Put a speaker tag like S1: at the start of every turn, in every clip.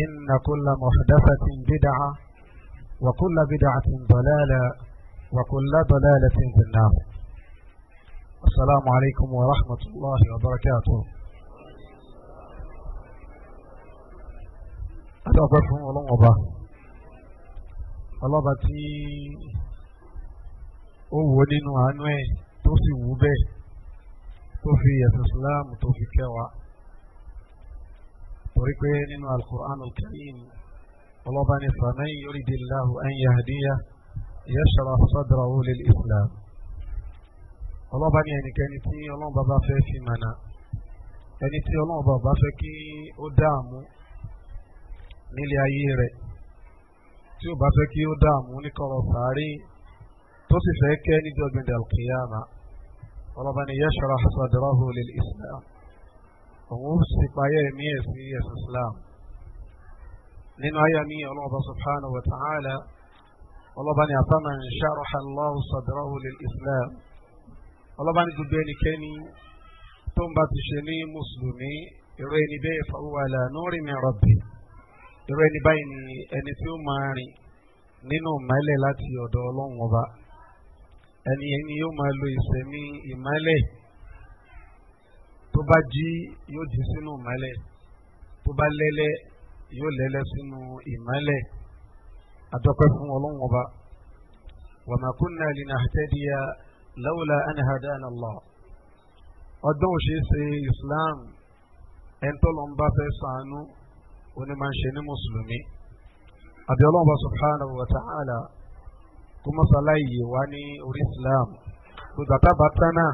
S1: إن كل محدثة بدعة وكل بدعة ضلالة وكل ضلالة في النار السلام عليكم ورحمة الله وبركاته أتوقف ولنقبة ọlọ́ba tí ó wo nínú àánú ẹ̀ tó sì wú bẹ́ẹ̀ tó fi ẹ̀sìn torí pé nínú alukur'an alkarim ọlọ́ba ní fàmẹ́ yorùdí láhu an yahdiya yashara sadrahu lil islam ọlọ́ba ní ẹnikẹ́ni tí ọlọ́ba bá fẹ́ fi mọ̀nà ẹni tí ọlọ́ba bá fẹ́ kí ó dààmú nílé ayé rẹ̀ tí ó bá fẹ́ kí ó dààmú ní kọ̀rọ̀ tó sì fẹ́ kẹ́ níjọ́ gbẹ̀dẹ̀ alkiyama ọlọ́ba ní yashara sadrahu lil islam òun sì payẹ́ ẹ̀mí ẹ̀ sí ẹ̀sìn Islam nínú ayé mi ọlọ́ọ̀bá subhanahu wa ta'ala ọlọ́ọ̀bá ni afaman sharaha Allahu sadrahu lil Islam ọlọ́ọ̀bá ni gbogbo ẹnikẹ́ni tó ń bá ti ṣe ní mùsùlùmí irú ẹni bẹ́ẹ̀ fa huwa ala nurin min ẹni báyìí ni ẹni tí ó máa rìn nínú ìmọ̀lẹ̀ láti ọ̀dọ̀ ọlọ́run ọba ẹni ẹni yóò máa lo ìsẹ̀mí ìmọ̀lẹ̀ tó bá jí yóò jí sínú ìmọ́lẹ̀ tó bá lẹ́lẹ́ yóò lẹ́lẹ́ sínú ìmọ́lẹ̀ adọ́pẹ́ fún ọlọ́run ọba wa ma kunna linahtadiya lawla an hadana Allah ọdún òṣèlú ṣe Islam ẹ̀ńtọ́lọ́mbà fẹ́ sànú oni man mùsùlùmí àbí ọlọ́run bá subhanahu kó mọ́sálá yìí wá ní orí islam gbogbo àtàbà tánà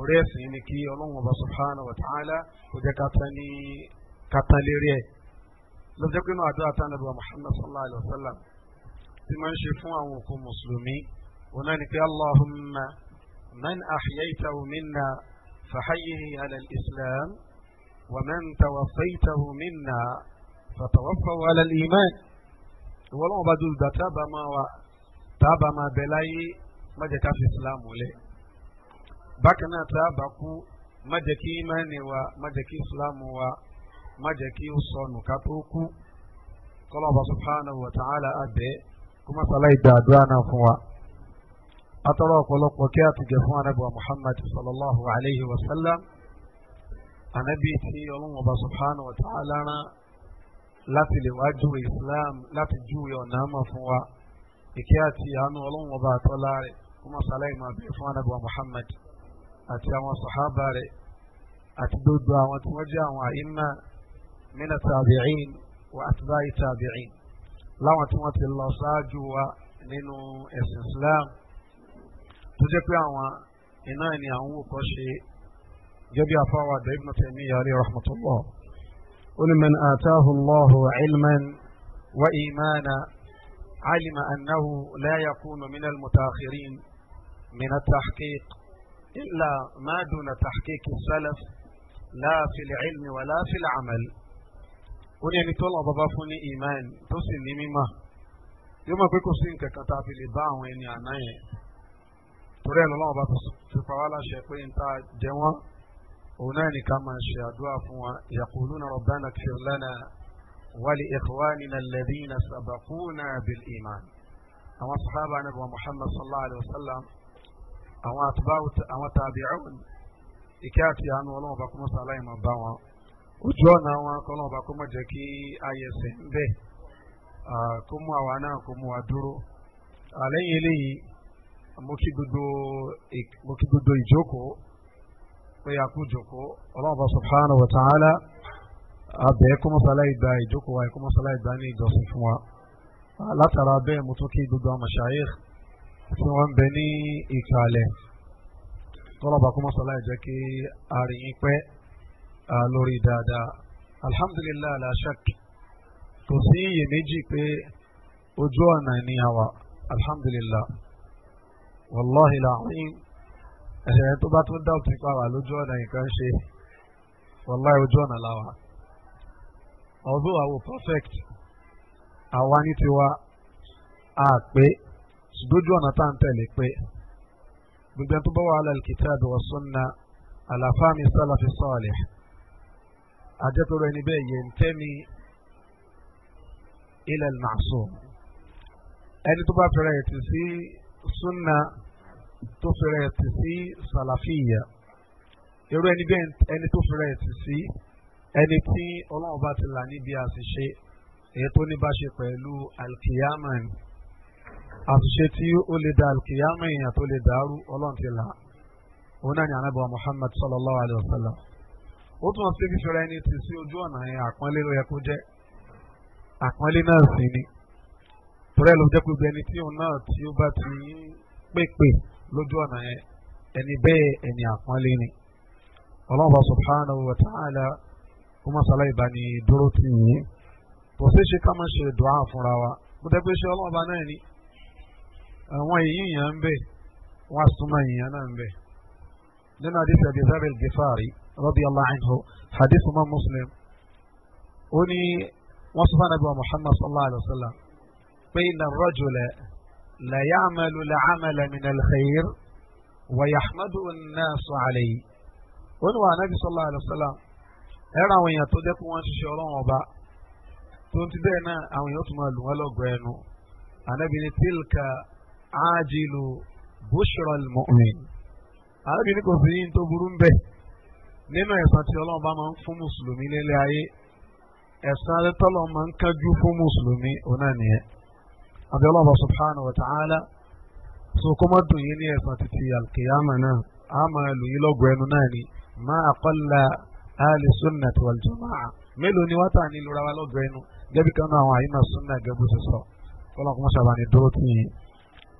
S1: orí ẹ̀sìn ni kí ọlọ́run ọba subhanahu wa ta'ala kò jẹ́ ká tán lérí ẹ̀ lọ́jọ́ pé náà àdúrà tán nàbẹ̀ muhammad sallallahu alayhi wa sallam ti máa ń ṣe fún àwọn òkú mùsùlùmí òun náà ni pé allahumma man ahyaytahu minna fahayyihi ala islam wa man tawaffaytahu minna fatawaffahu ala iman ìwọ́n ọlọ́run ọba dùn gbà tábà máa bẹ̀ láyé má jẹ́ ká fi islam wọlé bákan náà tá a bá kú má jẹ́ kí imáni wa má jẹ́ kí ìsìlámù wa má jẹ́ kí ó sọnù ká tó kú kọ́lọ́ba subhanahu wa ta'ala abẹ́ kó má sàlàyé dàdúrà náà fún wa. atọ́rọ̀ ọ̀pọ̀lọpọ̀ kí a ti gẹ̀ fún anábìwa muhammad sallallahu alayhi wa sallam anábì tí ọlọ́mọba subhanahu wa ta'ala rán láti lè wá júwe islam láti júwe ọ̀nà àmọ̀ fún wa ìkẹ́ àti àánú ọlọ́mọba àtọ́lá rẹ̀ kó má sàlàyé máa bẹ̀ fún anábìwa muhammad àti àwọn sàhábà rẹ̀ àti gbogbo àwọn tí wọ́n jẹ́ àwọn àyínmá mina tàbíìn wa àtibáyé tàbíìn láwọn tí wọ́n ti lọ ṣáájú wa nínú ẹ̀sìn Islam tó jẹ́ pé àwọn iná ni àwọn òkọ́ ṣe gẹ́gẹ́ afáwà dẹ̀ ibn Taymiyyah alayhi rahmatullah ó ní man ataahu wa imana alima annahu la yakunu min al-mutaakhirin min إلا ما دون تحقيق السلف لا في العلم ولا في العمل وني أن تقول أبا فوني إيمان توسي نميمة يوم أبيكو سينك كتا في لباع ويني أناي تري أن الله أبا فوالا شيخوي انتا جوا وناني كما شهدوا فوا يقولون ربنا اكفر لنا ولإخواننا الذين سبقونا بالإيمان أما صحابة نبوة محمد صلى الله عليه وسلم àwọn àtúbáwò àwọn tàbí àwọn ìkẹ́ àti àánú ọlọ́run ọba kọ́mọ́sá aláìmọ̀ bá wọn ojú ọ̀nà wọn kọ́lọ́run ọba kọ́mọ́ jẹ́ kí ayẹsẹ̀ ń bẹ̀ kó mú àwa náà kó mú wa dúró àlẹ́yìn eléyìí mo kí gbogbo ìjókòó pé a kú jókòó ọlọ́run ọba subhanahu wa ta'ala abẹ́ kọ́mọ́sá aláìgbà ìjókòó wa kọ́mọ́sá aláìgbà ní ìjọsìn fún wa látara bẹ́ẹ̀ mo tún kí gbogbo àwọn màṣáyéèkì tí wọ́n ń bẹ ní ìkàlẹ̀ tọ́lọ́ba kọ́mọ́sọ́lá ìjẹ́ kí àríyìn pẹ́ lórí dáadáa alhamdulilayi alashak kò sí iyèméjì pé ojú ọ̀nà ni àwa alhamdulilayi wàláhi làwọn ẹ̀ṣẹ̀ tó bá tún dáwọ́ tipa wà lójú ọ̀nà nǹkan ṣe wàláhi ojú ọ̀nà làwà although àwọn perfect àwa ní tiwa àpé dojú ọ̀nà tá à ń tẹ̀lé pé gbogbo ẹni tó bá wà alal kitabi wa sunna ala fahmi salafi salih àjẹpẹ̀rọ ẹni bẹ́ẹ̀ yantami ila al-ma'sum ẹni tó bá fẹ́rẹ̀ ẹ̀tì sí sunna tó fẹ́rẹ̀ ẹ̀tì sí salafiya irú ẹni bẹ́ẹ̀ ẹni tó fẹ́rẹ̀ ẹ̀tì sí ẹni tí ọlọ́run bá ti là níbi àṣìṣe èyí tó ní bá ṣe pẹ̀lú alkiyama àtúnṣe tí ó lè da alkiyama èèyàn tó lè dàrú ọlọ́run ti là òun náà ni anábọ̀ muhammad sallallahu alayhi wa sallam ó tún ọtí fífẹ́ra ẹni tì sí ojú ọ̀nà yẹn àpọ́nlé ló yẹ kó jẹ́ àpọ́nlé náà sì ni torí ẹ̀ ló jẹ́ pé ẹni tí òun náà tí ó bá ti ń pèpè lójú ọ̀nà yẹn ẹni bẹ́ẹ̀ ẹni àpọ́nlé ni ọlọ́run bá subhanahu wa ta'ala kó má sálá dúró tì yín kò sí ṣe ká má ṣe dùn àwọn èyí yàn ń bẹ wọn súnmọ́ èyàn náà ń bẹ nínú àdìsí àbíyáfẹ́ gifari radiyallahu anhu hadith umar muslim ó ní wọ́n sọ fún anabi wa muhammad sallallahu alayhi wa sallam pé inna ar-rajula la ya'malu al-'amala min al-khayr wa yahmadu an-nasu alayhi ó ní wa anabi sallallahu alayhi wa sallam ẹ̀rọ àwọn èèyàn tó jẹ́ pé wọ́n ń ọba tó ń ti bẹ́ẹ̀ náà àwọn èèyàn tó máa lù wọ́n lọ́gọ̀ọ́ ẹnu anabi ni tilka ajilu bushral mu'min. arábìnrin kò sí yín tó burú ń bẹ nínú ẹ̀san tí ọlọ́run bá máa ń fún mùsùlùmí lélẹ̀ ayé ẹ̀san tọ́lọ̀ máa ń kájú fún mùsùlùmí òun náà nìyẹn. àbí ọlọ́run subhanahu wa ta'ala so kó má dùn yín ní ẹ̀san títí alkiyama náà a máa lù yín lọ́gọ̀ ẹnu náà ni má àkọ́lá ali sunnati wal jama'a mélòó ni wá tà ní lura wa lọ́gọ̀ ẹnu gẹ́bí kan náà àwọn àyínà sunna gẹ́bù ti sọ kọ́lọ́ kó má ṣàbàní dúró tì yín.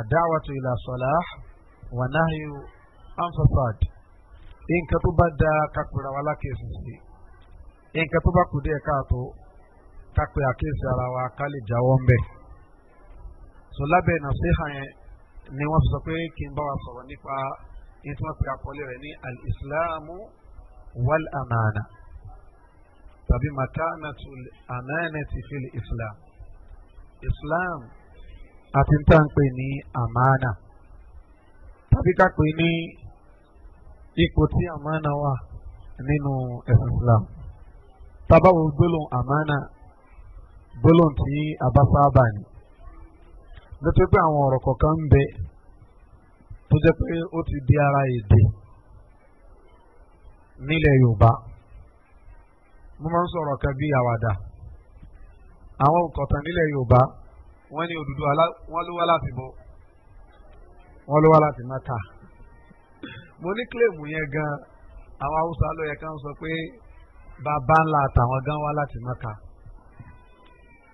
S1: àdáwàtò ìlà sọ̀lá wà náhìú anfasad nǹkan tó bá da kápẹ́ra wa lákèésì sí nǹkan tó bá kù díẹ̀ káàtó kápẹ́ àkèésì ara wa ká lè jáwọ́ ń bẹ̀. sọ lábẹ́ nàṣíhà yẹn ni wọ́n sọ pé kí n bá wa sọ̀rọ̀ nípa ní tí wọ́n pe àkọlé rẹ̀ ní alìsíláàmù wàl àmàna tàbí màkánàtù àmàna ti fi islam. islam àti tá à ń pè ní àmàna tàbí ká pè ní ipò tí àmàna wà nínú ẹ̀sìn Islam tábàwò gbólóhùn àmàna gbólóhùn tí a bá sábà ní nítorí pé àwọn ọ̀rọ̀ kọ̀ọ̀kan ń bẹ tó jẹ́ pé ó ti di ara èdè nílẹ̀ Yorùbá mo máa ń sọ̀rọ̀ kan bí àwàdà àwọn nílẹ̀ Yorùbá. wọ́n ní òdùdú wọ́n ló wá láti bọ́ wọ́n ló wá láti má ta. mo ní kílèmù yẹn gan àwọn haúsá ló yẹ ká sọ pé bàbá ńlá àtàwọn gan wá láti má ta.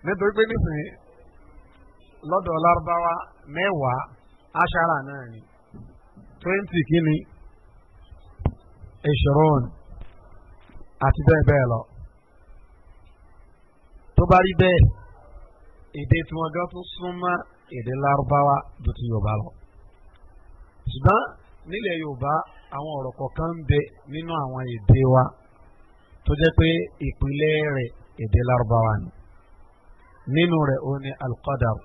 S1: nítorí pé nísìnyí lọ́dọ̀ lárúbáwá mẹ́wàá aṣáárà náà ni twenty kìíní ìṣòrón àti bẹ́ẹ̀ bẹ́ẹ̀ lọ. tó bá rí bẹ́ẹ̀. ede tí wọ́n suma tún súnmọ́ dutu lárúbáwá ju ti yorùbá lọ. ṣùgbọ́n nílẹ̀ yorùbá àwọn ọ̀rọ̀ kọ̀ọ̀kan ń bẹ wa tó jẹ́ pé ìpìlẹ̀ rẹ̀ èdè lárúbáwá ni nínú rẹ̀ ó ní alukọ́dàrú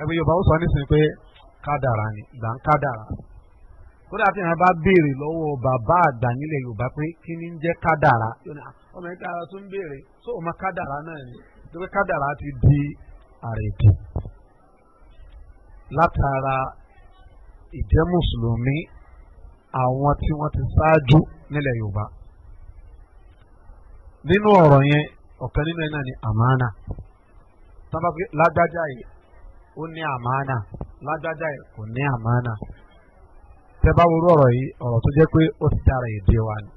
S1: ẹbí yorùbá ó sọ nísìnyí pé ni gbà ń kádàrá na tí wọn bá béèrè lọ́wọ́ bàbá àgbà nílẹ̀ yorùbá pé kí ni ń jẹ́ kádàrá ah, ọmọ tó ń béèrè tó o ma kádàrá náà ni tó ti di àrèdù látara ìjẹ́ mùsùlùmí àwọn tí wọ́n ti ṣáájú nílẹ̀ yorùbá nínú ọ̀rọ̀ yẹn ọ̀kan nínú ẹ̀ náà ni àmàna lágbájá yìí ó ní àmàna lágbájá yìí kò ní àmàna tẹ́ bá wo ọ̀rọ̀ yìí ọ̀rọ̀ tó jẹ́ pé ó ti dára èdè wa ni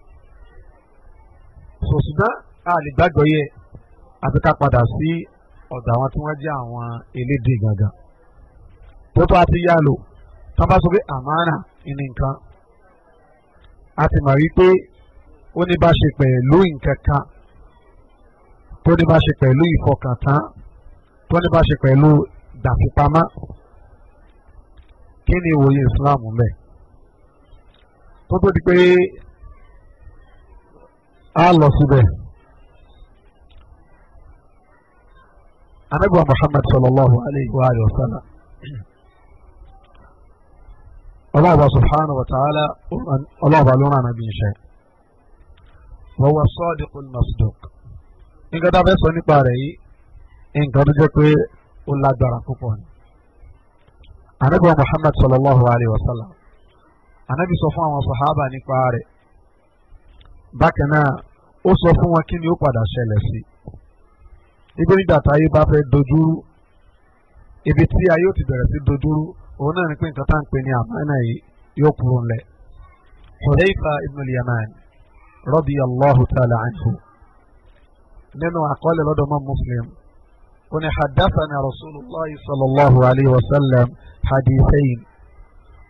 S1: sòsùdá a lè gbàgbọ́ yẹ àti ká padà sí ọ̀dọ̀ àwọn tí wọ́n jẹ́ àwọn elédè gangan tó tó a ti yá lò tó bá sọ pé àmánà ní nǹkan a ti mọ̀ wípé ó ní bá ṣe pẹ̀lú nǹkan kan tó ní bá ṣe pẹ̀lú ìfọkàntán tó ní bá ṣe pẹ̀lú dàfipamọ́ kí ni ìwòye Islam mẹ́ tó tó di pé a lọ síbẹ̀. anabiwa muhammad sallallahu alayhi wa alihi wa sallam ọlọ́ọ̀bà subhanahu wa ta'ala ọlọ́ọ̀bà lónà nàbí iṣẹ́ wọ́n wá sadiqul masduq nǹkan tá a fẹ́ sọ nípa rẹ̀ yìí nǹkan tó jẹ́ pé ó lágbára púpọ̀ ni anabiwa muhammad sallallahu alayhi wa sallam anabi sọ fún àwọn sahaba nípa rẹ̀ bákan náà ó sọ fún wọn kí ni ó padà ibi nígbà tá ayé bá fẹ́ dojúrú ibi tí ayé ò ti bẹ̀rẹ̀ sí dojúrú òun náà ní pé nǹkan tá à ń pè ní àmánà yìí yóò kúrò ńlẹ̀. Hudhayfa ibn al-Yaman radiyallahu ta'ala anhu nínú àkọọ́lẹ̀ lọ́dọ̀ mọ́ Muslim ó ní haddathana rasulillah sallallahu alayhi wa sallam hadithayn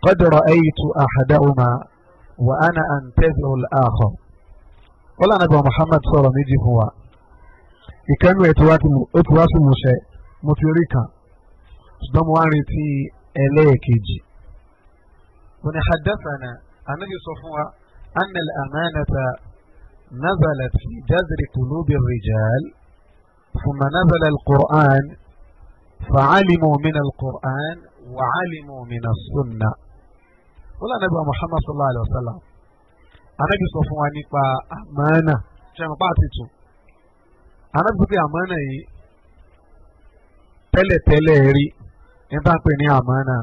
S1: qad ra'aytu ahadahuma wa ana antazi'u al-akhar. wọ́n lànà bí muhammad sọ̀rọ̀ méjì fún wa ìkẹ́nu ẹ̀ tí wá sí mo ṣe mo ti rí kan ṣùgbọ́n mo wá retí ẹlẹ́ẹ̀kejì. wọ́n ní hadathana anabi sọ fún wa anna al-amanata nazalat fi jazri qulubi rijal ثم نزل القرآن فعلموا من القرآن وعلموا من السنة ولا نبي محمد صلى الله عليه وسلم أنا بصفواني فأمانة جمع بعض arábìsí àmọ́nà yìí tẹ́lẹ̀tẹ́lẹ̀ rí ní bá pè ní àmọ́nà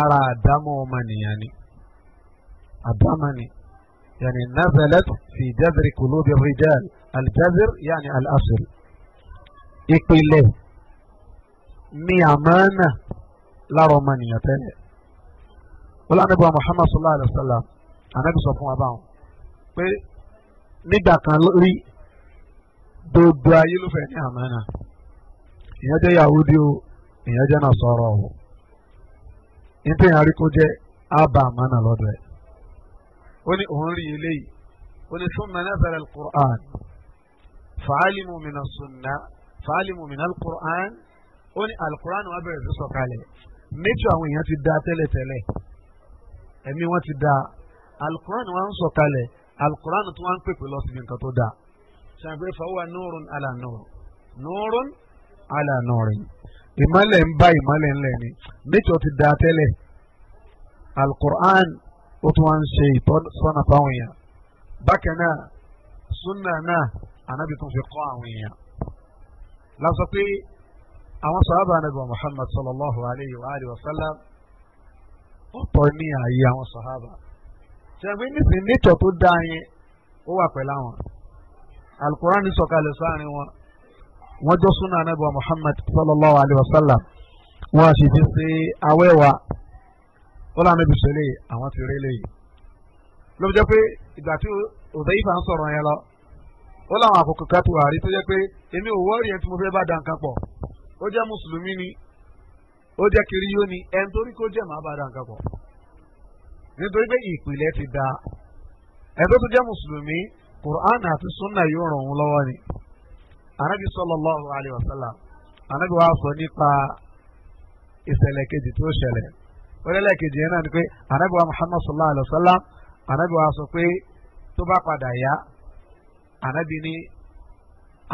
S1: ara àdámọ́ ọmọnìyàn ni àdámọ́ ni yàní nazalat fi jaziri kulubi rijal aljazir yàní alasiri ìpìlẹ̀ ni àmọ́nà lára ọmọnìyàn tẹ́lẹ̀ wọ́n lánàá bí wa muhammad sallallahu alayhi wa sallam anabi sọ fún wa báwọn pé nígbà kan rí gbogbo ayé ló fẹ́ ní àmánà ìyẹn jẹ́ yahudi o ìyẹn jẹ́ nasara o nítorí àrí kó jẹ́ àbá àmánà lọ́dọ̀ ẹ̀ ó ní òun rí eléyìí ó ní summa nazala al-Qur'an fa'alimu mina sunna fa'alimu mina al-Qur'an ó ní al-Qur'an wá bẹ̀rẹ̀ sí sọ̀kalẹ̀ méjì àwọn èèyàn ti da tẹ́lẹ̀tẹ́lẹ̀ ẹ̀mí wọn ti da al-Qur'an wá ń sọ̀kalẹ̀ al-Qur'an tó wá ń pèpè lọ síbi nǹkan tó dáa ṣàgbé fàwọn nùrùn àlà nùrùn nùrùn àlà nùrùn ìmọ̀lẹ̀ ń bá ìmọ̀lẹ̀ ńlẹ̀ ni nature ti da tẹ́lẹ̀ alukur'an ó tún wá ń ṣe ìtọ́sọ́nà fáwọn èèyàn bákan náà sunna náà anabi tún fi kọ́ àwọn èèyàn lásán pé àwọn sàhábà anabi muhammad sallallahu alayhi wa alihi wa sallam ọ̀pọ̀ ní ààyè àwọn sàhábà ṣàgbé nísìnyí nature tó dáa yẹn ó wà pẹ̀lú àwọn alukur'an ní sọ̀kalẹ̀ sáàrin wọn wọ́n jọ súnà anábì wa muhammad sallallahu alayhi wa sallam wọ́n a sì fi ṣe awẹ́wà ó lànà ibi sọlẹ̀ àwọn ti rí lẹ́yìn ló fi jẹ́ pé ìgbà tí Hudhayfa ń sọ̀rọ̀ yẹn lọ ó làwọn àkókò kátó àrí tó jẹ́ pé èmi ò wọ́ọ̀rì yẹn tí mo fẹ́ bá da nǹkan pọ̀ ó jẹ́ mùsùlùmí ni ó jẹ́ kiri ni ẹ̀ torí kó jẹ́ màá bá da nǹkan pọ̀ nítorí pé ìpìlẹ̀ ti da ẹ̀ tó tún jẹ́ mùsùlùmí Qur'an àti sunna yóò ràn wọ́n lọ́wọ́ ni anabi sallallahu alayhi wa sallam anabi wa sọ nípa ìṣẹ̀lẹ̀ kejì tó ṣẹlẹ̀ ọlẹ́lẹ̀ kejì yẹn náà ni pé anabi wa muhammad sallallahu alayhi wa sallam anabi wa sọ pé tó bá padà yá anabi ni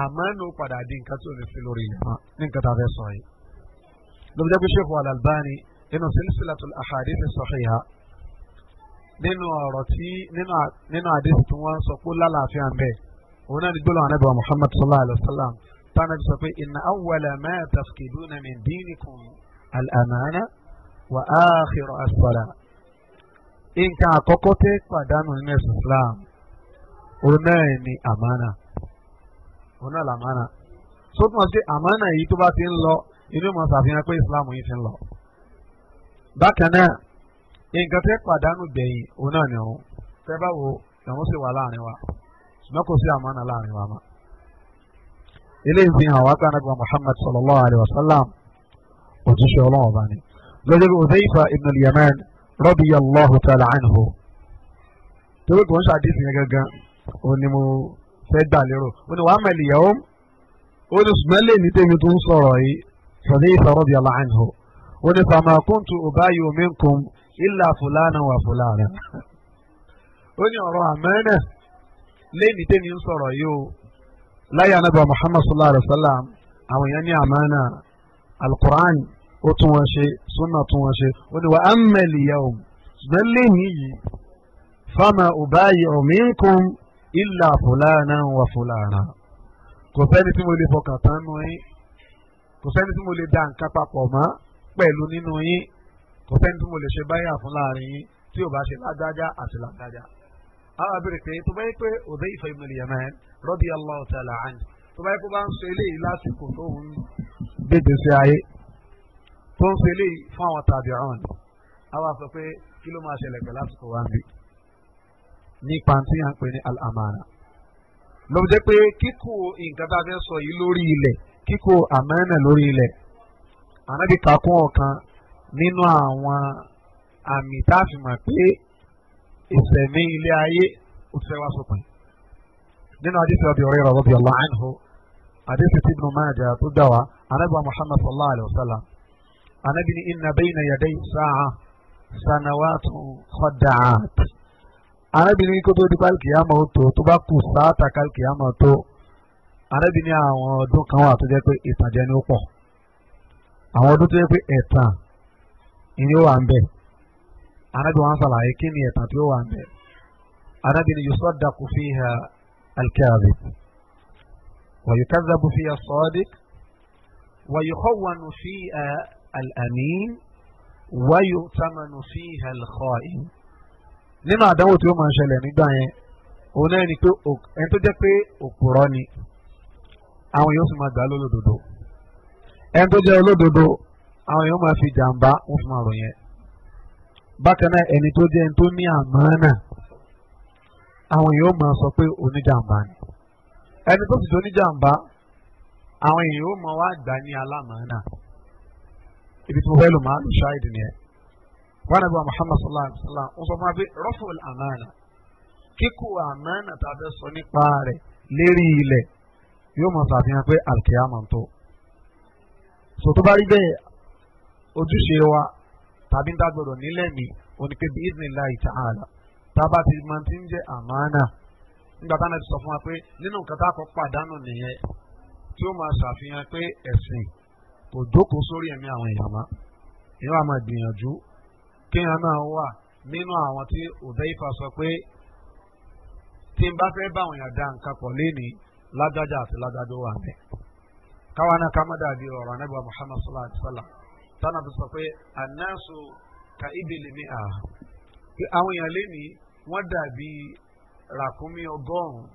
S1: àmọ́nù padà di nǹkan tó lè fi lórí yẹn ní nǹkan tá a fẹ́ sọ yìí lóbi jẹ́ pé sheikh wa al-albani inú silsilatul ahadith as-sahiha nínú ọ̀rọ̀ tí nínú àdéhùn tí wọ́n sọ pé lálàáfíà ń bẹ̀ òun náà ni gbólóhùn anábìwá muhammad sallallahu alayhi wa sallam tánà bí sọ pé inna awwala ma tafqiduna min dinikum al-amana wa akhiru as-sala. nǹkan àkọ́kọ́ tẹ́ pàdánù nínú ẹ̀sìn islam òun náà ni àmánà òun náà làmánà sótùmọ̀ sí àmánà yìí tó bá ti ń lọ inú mọ̀ sàfihàn pé islam yìí ti ń lọ. bákan náà nǹkan tẹ́ pàdánù gbẹ̀yìn òun náà ni òun tẹ́ bá wo ìrún sì wà láàrin wa ṣùgbọ́n kò sí àmánà láàrin wa mọ́. eléyìí fi hàn wá pé anábìwá Muhammad sallallahu alayhi wa sallam òjíṣẹ́ ọlọ́wọ́ bá ní. lọ́jọ́ bí Uzaifa ibn al-Yaman radiyallahu ta'ala anhu torí kò ń ṣàdísì yẹn gangan òun ni mo fẹ́ gbà lérò ó ní wàá mẹ́lì yẹ̀wò ó ní ṣùgbọ́n lè ní tèmi tó ń sọ̀rọ̀ yìí Uzaifa radiyallahu anhu ó ní fama kuntu ubayu minkum ìlà fúlànà wà fúlànà. ó ní ọ̀rọ̀ àmẹ́nẹ̀ lẹ́yìn tẹ́mi ń sọ̀rọ̀ yìí o láyé anábà muhammad sallallahu alayhi wa sallam àwọn èèyàn ní àmẹ́nà alukur'an ó tún wọn ṣe sunna tún wọn ṣe ó ní wa amẹ́lì yà ó ṣùgbọ́n lẹ́yìn yìí fama ubayi ominkum ìlà fúlànà wà fúlànà. kò sẹ́ni tí mo lè fọkàn tán nù yín kò sẹ́ni tí mo lè da nǹkan papọ̀ mọ́ pẹ̀lú nínú yín kò fẹ́ tí mo lè ṣe báyà fún láàrin yín tí ò bá ṣe ládájá àti ládájá. àwọn abèrè pé tó bá yẹ pé òde ìfẹ́ ibn al-Yaman radiyallahu ta'ala anhu tó bá yẹ kó bá ń sọ eléyìí lásìkò tó ń gbèdè sí ayé tó ń sọ eléyìí fún àwọn tabi'un àwọn àfẹ pé kí ló máa ṣẹlẹ̀ pẹ̀lú àsìkò wa ń bì ní pàǹtí à ń pè ní al ló jẹ́ pé kíkó nǹkan tá a fẹ́ sọ yìí lórí ilẹ̀ kíkó àmánà lórí ilẹ̀ ànábì nínú àwọn àmì tá a fi mọ̀ pé ìsẹ̀mí ilé ayé ó fẹ́ wá sópin. nínú àdìsí Abu Hurairah radiyallahu anhu àdìsí tí Ibn Majah tó dà wá anábìwá Muhammad sallallahu alayhi wa sallam anábì ní inna bayna yaday sa'a sanawatun khadda'at. anábì ní kótó di kálkìyàmọ̀ tó tó bá kù sáàtà kálkìyàmọ̀ tó arábìnrin àwọn ọdún kan wà tó jẹ́ pé ìtànjẹ ni ó pọ̀ àwọn ọdún tó jẹ́ pé ẹ̀tàn ìní ó wà ń bẹ̀ anábì wọn ṣàlàyé kí ni ẹ̀tàn tí ó wà ń bẹ̀ anábì ni yusaddaqu fiha al-kadhib wa yukadhabu fiha as-sadiq wa yukhawwanu fiha al-amin wa yu'tamanu fiha al-kha'in nínú àdánwò tí ó máa ń ṣẹlẹ̀ nígbà yẹn òun náà ni pé ẹni tó jẹ́ pé òpùrọ́ ni àwọn yóò sì máa gbà lólódodo ẹni tó jẹ́ olódodo àwọn èèyàn máa fi jàǹbá wọn fi máa rò yẹn bákan náà ẹni tó jẹ́ ẹni tó ní àmánà àwọn èèyàn máa sọ pé oníjàǹbá ni ẹni tó sì tó oníjàǹbá àwọn èèyàn máa wá gbà ní alámánà ibi tí mo fẹ́ lò máa lò ṣáìdì nìyẹn wọn àbí wa Muhammad sallallahu alaihi wa sallam wọn sọ fún wa pé rọ́fùl àmánà kíkó àmánà tàbí sọ nípa rẹ̀ lérí ilẹ̀ yóò máa ṣàfihàn pé àlùkìyámà ojúṣe wa tàbí tá a gbọdọ̀ nílẹ̀ mi oníke bí idhnillahi ta'ala tá a bá ti máa ti ń jẹ́ àmánà nígbà táwọn ti sọ fún wa pé nínú nǹkan tá a kọ́ pàdánù nìyẹn tí ó máa ṣàfihàn pé ẹ̀sìn kò jókòó sórí ẹ̀mí àwọn èèyàn mọ́ máa gbìyànjú náà wà nínú àwọn tí sọ pé tí fẹ́ bá àwọn nǹkan pọ̀ lágbájá àti wà mẹ́ náà ká dàbí tánà fi sọ pé anáṣu ka ibèlè mi à pé àwọn èèyàn lẹ́ni wọ́n dàbí ràkúnmí ọgọ́rùn-ún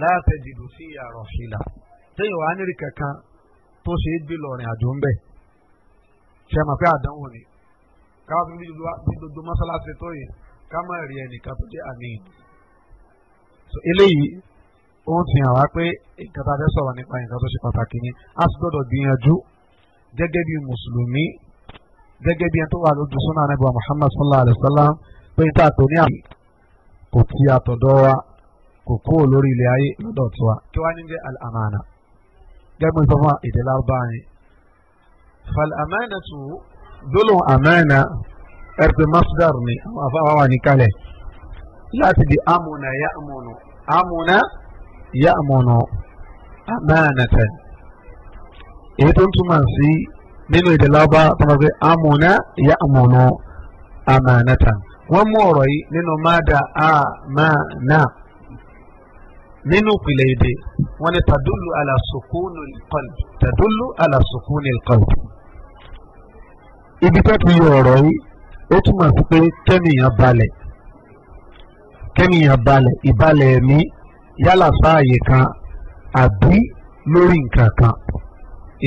S1: látẹ̀jìdù sí yàrá ṣìlà téèyàn wà á nírì kankan tó ṣe é gbé lọ́rìn àjò ń bẹ̀ ṣe mọ̀ pé àdánwò ni káwọn fi bí gbogbo mọ́sálásí tó yẹ ká má rí ẹnìkan tó jẹ́ àmì eléyìí ó ń fi hàn wá pé nǹkan tá a fẹ́ sọ̀rọ̀ nípa nǹkan tó ṣe pàtàkì ni a sì gbọ́dọ̀ gbìyànjú gẹ́gẹ́ bí mùsùlùmí gẹ́gẹ́ bí ẹni tó wà lójú súnà ànábì wa Muhammad sallallahu alayhi wa sallam pé tá a tó ní àmì kò tí a tọ̀dọ̀ wa kò kúrò lórí ilẹ̀ ayé lọ́dọ̀ tí wa kí wàá ní jẹ́ al gẹ́gbẹ́ sọ fún èdè fal-amana tù gbólóhùn amana ẹ̀rpẹ̀ masdar ni àwọn afáwá wà ní kalẹ̀ láti di amuna ya'munu amuna ya'munu amanatan èyí tó ń túmọ̀ sí nínú èdè lábá tọmọdé amúnà ìyá àmọ̀nà àmànàtà wọ́n mú ọ̀rọ̀ yìí nínú máda àmànà nínú ìpìlẹ̀ èdè wọ́n ní tàdúlù àlàsùkúnù ìkọlù tàdúlù àlàsùkúnù ìkọlù. ibi tó ti yọ ọ̀rọ̀ yìí ó túmọ̀ sí pé kẹ́nìyàn balẹ̀ kẹ́nìyàn balẹ̀ ìbalẹ̀ ẹ̀mí yálà sáàyè kan àbí lórí nǹkan kan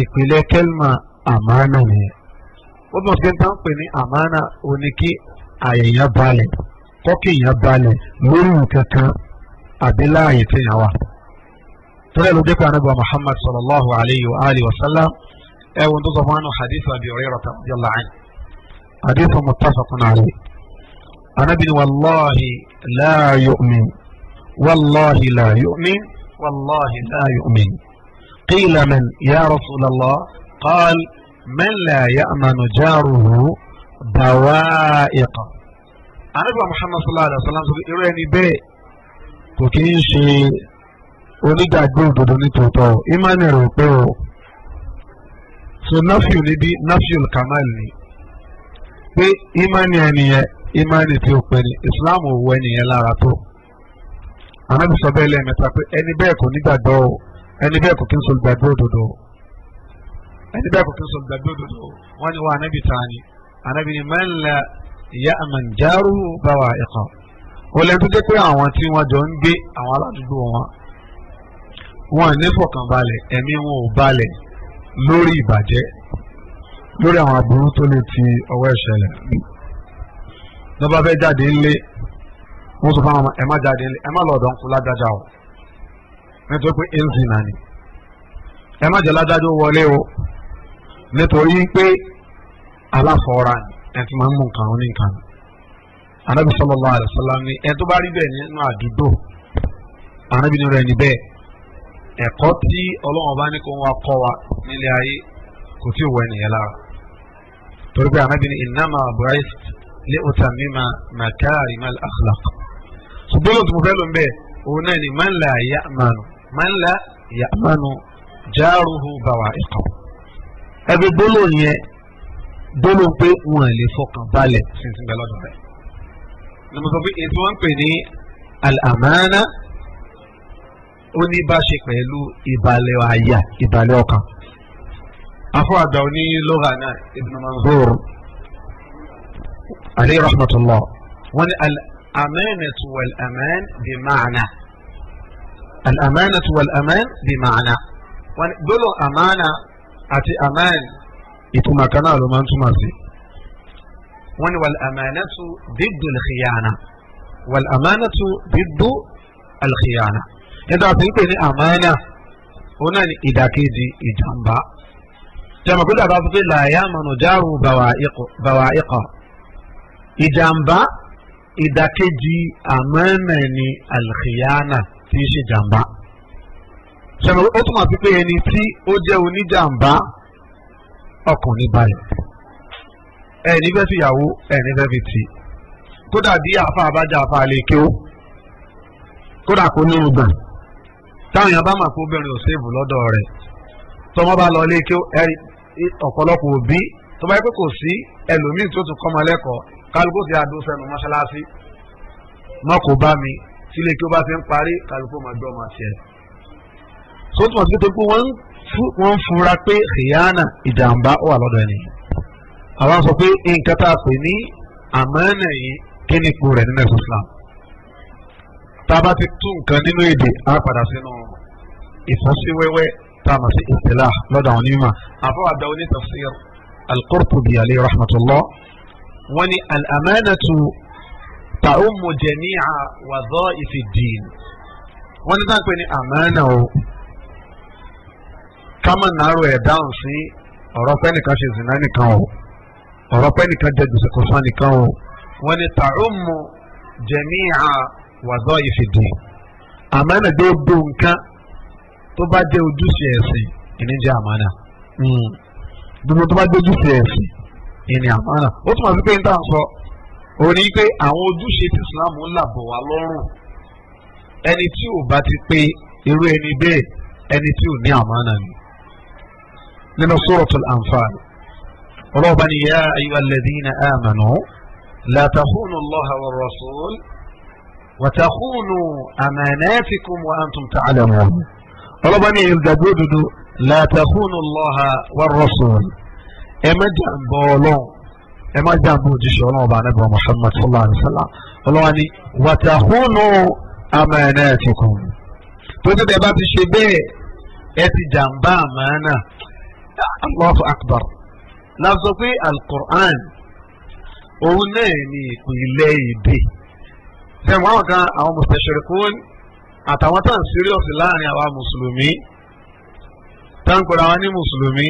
S1: ìpìlẹ̀ kẹ́lìmà àmánà nìyẹn ó mọ̀ sí tán pè ní àmánà òní kí àyẹ̀yàn balẹ̀ kọ́kìyàn balẹ̀ lórí nǹkan kan àbí láàyè tí yàn wà. torí ẹ̀ ló dé pa anábà Muhammad sallallahu alayhi wa alihi wa sallam ẹ̀wọ̀n tó sọ̀rọ̀ nù hadith Abi Hurayrah radiyallahu anhu hadith muttafaqun alayhi anabi ni wàllahi la yu'min wàllahi la yu'min wàllahi la yu'min. قيل من يا رسول الله قال من لا يأمن جاره بوائق أنا محمد صلى الله عليه وسلم إيراني بي كوكين شي onígbàgbọ́ òdodo ní tòótọ́ ìmánì rẹ̀ pé o so nafiu níbi nafiu kamal ni pé ìmánì ẹnìyẹn ìmánì tí ó pé ni islam ò wọ ẹnìyẹn lára tó anábìsọ bẹ́ẹ̀ lẹ́ẹ̀mẹ́ta pé ẹni bẹ́ẹ̀ kò nígbàgbọ́ o ẹni bẹ́ẹ̀ kò kí n sọ gbàgbé òdodo ẹni bẹ́ẹ̀ kò kí n sọ gbàgbé òdodo wọ́n ní wọ́n anábì ta ni anábì ni man la ya'man jaruhu bawa'iqa ó lẹ́nu tó jẹ́ pé àwọn tí wọ́n jọ ń gbé àwọn aládùúgbò wọn wọn ní fọkànbalẹ̀ ẹ̀mí wọn ò balẹ̀ lórí ìbàjẹ́ lórí àwọn aburú tó lè ti ọwọ́ ìṣẹ̀lẹ̀ lọ́ba fẹ́ jáde ńlé wọ́n sọ fún àwọn ẹ̀ má jáde ńlé ẹ̀ má lọ́ọ̀dọ̀ ńkú lágbájá o nítorí pé ẹnzì náà ni ẹ má jẹ́ ládájọ́ wọlé o nítorí pé aláfọ̀ọ́ra ẹ ti máa ń mú nǹkan ní nǹkan anabi sallallahu alaihi wasallam ni ẹ tó bá rí bẹ́ẹ̀ nínú àdúgbò anabi ni rẹ ni bẹ́ẹ̀ ẹ̀kọ́ tí Ọlọ́run bá ní kó wa kọ́ wa nílé ayé kò tí ì wọ ẹnìyẹn lára torí pé anabi ni innama bu'ithtu li utammima makarimal akhlaq ṣùgbọ́n lóòótọ́ mo fẹ́ lò bẹ́ẹ̀ òun náà ni man la ya'manu من لا يأمن جاره bawa'iqa ẹbí gbólóhùn yẹn gbólóhùn pé wọn lè fọkàn balẹ̀ sísìn bẹ́ẹ̀ lọ́dún bẹ́ẹ̀. ni mo sọ pé èyí tí wọ́n ń pè ní al-amana ó ní bá ṣe pẹ̀lú ìbàlẹ̀ àyà ìbàlẹ̀ ọkàn. afọ àgbà oní lọ́gà náà ibn manzur alayhi rahmatullah wọ́n ní al-amanatu aman bi ma'na. الأمانة والأمان بمعنى ونقول أمانة أتي أمان يتما كنا لما أنتم ون والأمانة ضد الخيانة والأمانة ضد الخيانة إذا تلقي أمانة هنا إذا كيجي إجنبا كما قلت أبو لا يامن جار بوائق بوائق إجنبا إذا كيجي أمانة الخيانة tí í ṣe jàǹbá ṣẹlẹ ó túmọ̀ sí pé ẹni tí ó jẹ́ oníjàǹbá ọkàn ní balẹ̀ ẹ ní fẹ́ fi ìyàwó ẹ ní fẹ́ fi tì í kódà bí àfa àbájá àfa lè kí ó kódà kó ní ìgbà táwọn èèyàn bá mà kó obìnrin ò séèbù lọ́dọ̀ rẹ̀ tọmọ bá lọ lé kí ọ̀pọ̀lọpọ̀ òbí tó bá kò sí ẹlòmíì tó tún kọ́ ọmọ lẹ́kọ̀ọ́ kálukó ti àdó sẹ́nu mọ́ṣáláṣí mọ́ kó bá mi sílé kí ó bá fi ń parí kálukú máa dọ́ máa tiẹ̀. sótú wọn tó pé wọ́n ń fura pé ìyáàna ìjàmbá wà lọ́dọ̀ ẹni. àwọn sọ pé nǹkan tá a pè ní àmánà yìí kí ni ipò rẹ̀ nínú ẹ̀sùn Islam. tá a bá ti tú nǹkan nínú èdè á padà sínú ìfọ́síwẹ́wẹ́ tá a mọ̀ sí ìtìlá lọ́dọ̀ àwọn onímọ̀ àfọwọ́ àdáwọ́ ní tafsir al-Qurtubi alayhi wọ́n ní al ta'ummu jami'a wadha'ifi ddin wọ́n ní sáà pé ní àmánà o kámà nàárò ẹ̀ dáhùn sí ọ̀rọ̀ pé nìkan ṣe zìnà nìkan o ọ̀rọ̀ pé nìkan jẹ gbèsè kò san nìkan o wọ́n ní ta'ummu jami'a wadha'ifi ddin àmánà gbogbo nǹkan tó bá jẹ́ ojúṣe ẹ̀sìn ìní jẹ́ àmánà hmm. gbogbo tó bá jẹ́ ojúṣe ẹ̀sìn ìní àmánà ó túmọ̀ sí pé ní tá à ń ó ní pé àwọn ojúṣe tí Islam ń là bọ̀ wá lọ́rùn ẹni tí ò bá ti pé irú ẹni bẹ́ẹ̀ ẹni tí ò ní àmánà ni nínú Suratul Anfal ọlọ́ọ̀bá ni yá ayyuhal ladhina amanu la takhunu Allaha war rasul wa takhunu amanatikum wa antum ọlọ́ọ̀bá ni ìdàgbò dodo la takhunu Allaha war rasul ẹ má ọlọ́run ẹ má jẹ́ àbúrò jíṣẹ́ ọlọ́run ọba anábìrì Muhammad sallallahu alayhi wa sallam ọlọ́run ni wàtàhúnù amanatikum tó ti dẹ̀ bá ti ṣe bẹ́ẹ̀ ẹ ti jàǹbá àmàna Allahu akbar lásọ pé alukur'an òun náà ni ìpìlẹ̀ èdè sẹ́wọ̀n àwọn kan àwọn mustashirikun àtàwọn tá à láàrin àwa mùsùlùmí tá àwọn ní mùsùlùmí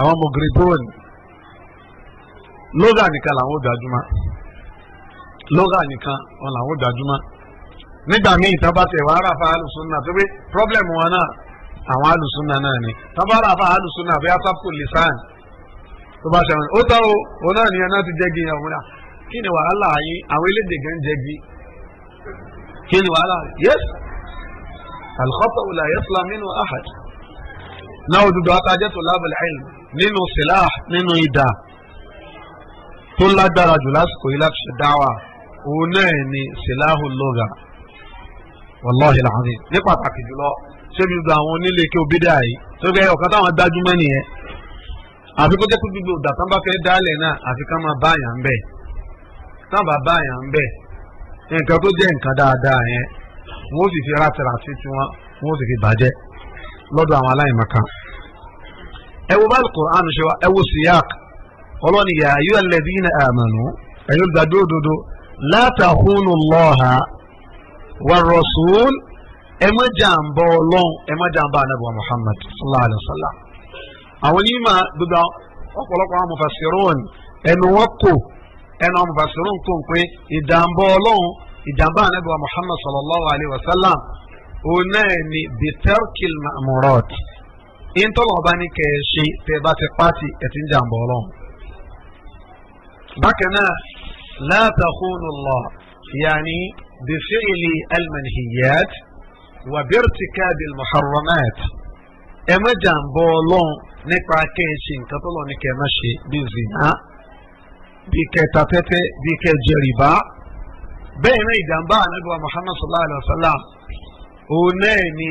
S1: àwọn mọ̀gìrìbóònì lọ́gà nìkan làwọn ò dájúmọ́ lọ́gà nìkan wọn làwọn ò dájúmọ́ nígbà míì tábàtẹ̀ wàá rà fún alùsùnà tó pé pírọ́blẹ̀mù wọn náà àwọn alùsùnà náà ni tábàrà fún alùsùnà àbí asáfù lisan tó bá ṣàwọn ó tọ́ o òun náà nìyẹn náà ti jẹ́ gíyan òun náà kí ni wàhálà yín àwọn elédè gan jẹ́ kí ni wàhálà yẹ́sì alkhọ́tọ̀ wùlà yẹ́sìlá nínú ahad náà òdùdó atajẹ́tò lábẹ́lẹ́ àìlú nínú sìláà nínú ìdá tó lágbára jù lásìkò yìí láti ṣe dáwà òun náà ni silahu lugha wàláhi alazim ní pàtàkì jùlọ ṣébi gba àwọn onílé kí o bí dáa yìí tó gẹ́ ọ̀kan táwọn dájú mọ́ nìyẹn àfi kó jẹ́ kó gbogbo ọ̀dà tán bá fẹ́ dálẹ̀ náà àfi ká máa bá àyàn ń bẹ̀ tán bá bá ń bẹ̀ nǹkan tó jẹ́ nǹkan dáadáa yẹn wọ́n sì fi rátiràti tí wọ́n wọ́n sì fi bàjẹ́ lọ́dọ̀ àwọn aláìmọ̀kan ẹ wo báyìí Qur'an ṣe wa ẹ wo siyak ọlọ́ni yà ayú alladhina amanu ẹ̀yọ́ gbàdó òdodo la tahunu Allaha wa rasul ẹ má jàǹbá ọlọ́run ẹ má jàǹbá anábọ̀ Muhammad sallallahu alayhi wa sallam. àwọn onímọ̀ gbogbo ọ̀pọ̀lọpọ̀ àwọn mufasirun ẹnu wọn kò ẹnu àwọn mufasirun kò ń pé ìjàǹbá ọlọ́run ìjàǹbá anábọ̀ Muhammad sallallahu alayhi wa sallam òun ni bitarkil ma'murat ìntọ́lọ́ba ní kẹ̀ẹ́ ṣe tẹ́ bá ti pàtì ẹ̀ bákan náà la takhunu Allah yaani bifi'li al-manhiyat wà birtikabil muharramat ẹ má jàǹbọ̀ ọlọ́run nípa kẹ́ẹ̀ṣe nǹkan tó lọ ní kẹ́ẹ̀ má ṣe bí zina bí kẹta tẹ́tẹ́ bí kẹjẹrìbá bẹ́ẹ̀ náà ìjàmbá ànágbà Muhammad sallallahu alayhi wa sallam òun náà ni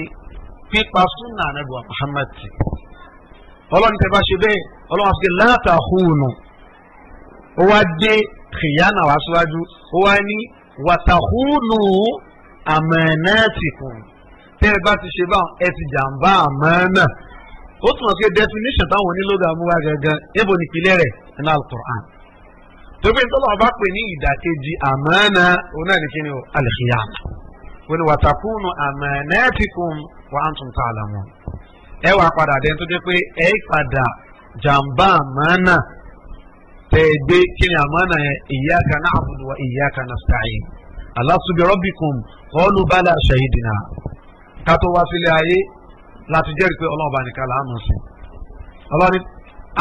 S1: pípa súnà ànágbà Muhammad ti ọlọ́run tẹ́ bá ṣe bẹ́ẹ̀ ọlọ́run àti láta hùnù ó wá dé kìyànà wá síwájú ó wá ní wàtàkùnù àmánátìkùn tẹ́ ẹ bá ti ṣe báwọn ẹ ti jàǹbá àmánà ó túmọ̀ sí definition táwọn onílógà mú gangan níbo ni ìpìlẹ̀ rẹ̀ nínú alukur'an tóbi tọ́lọ̀ ọba pè ní ìdàkejì àmánà òun náà ní kí ni o alìkìyànà wọ́n ni wàtàkùnù àmánátìkùn wa antum ta'lamun ẹ wàá padà dẹ́n tó dé pé ẹ padà jàǹbá àmánà. tẹ̀gbé kí ni na yẹn iyyaka na'budu wa iyyaka nasta'in alastu bi rabbikum qalu ṣe shahidina kátó wá sílé ayé láti jẹ́rìí pé ọlọ́ọ̀bá nìkan là á mọ̀ sí ọlọ́ọ̀ni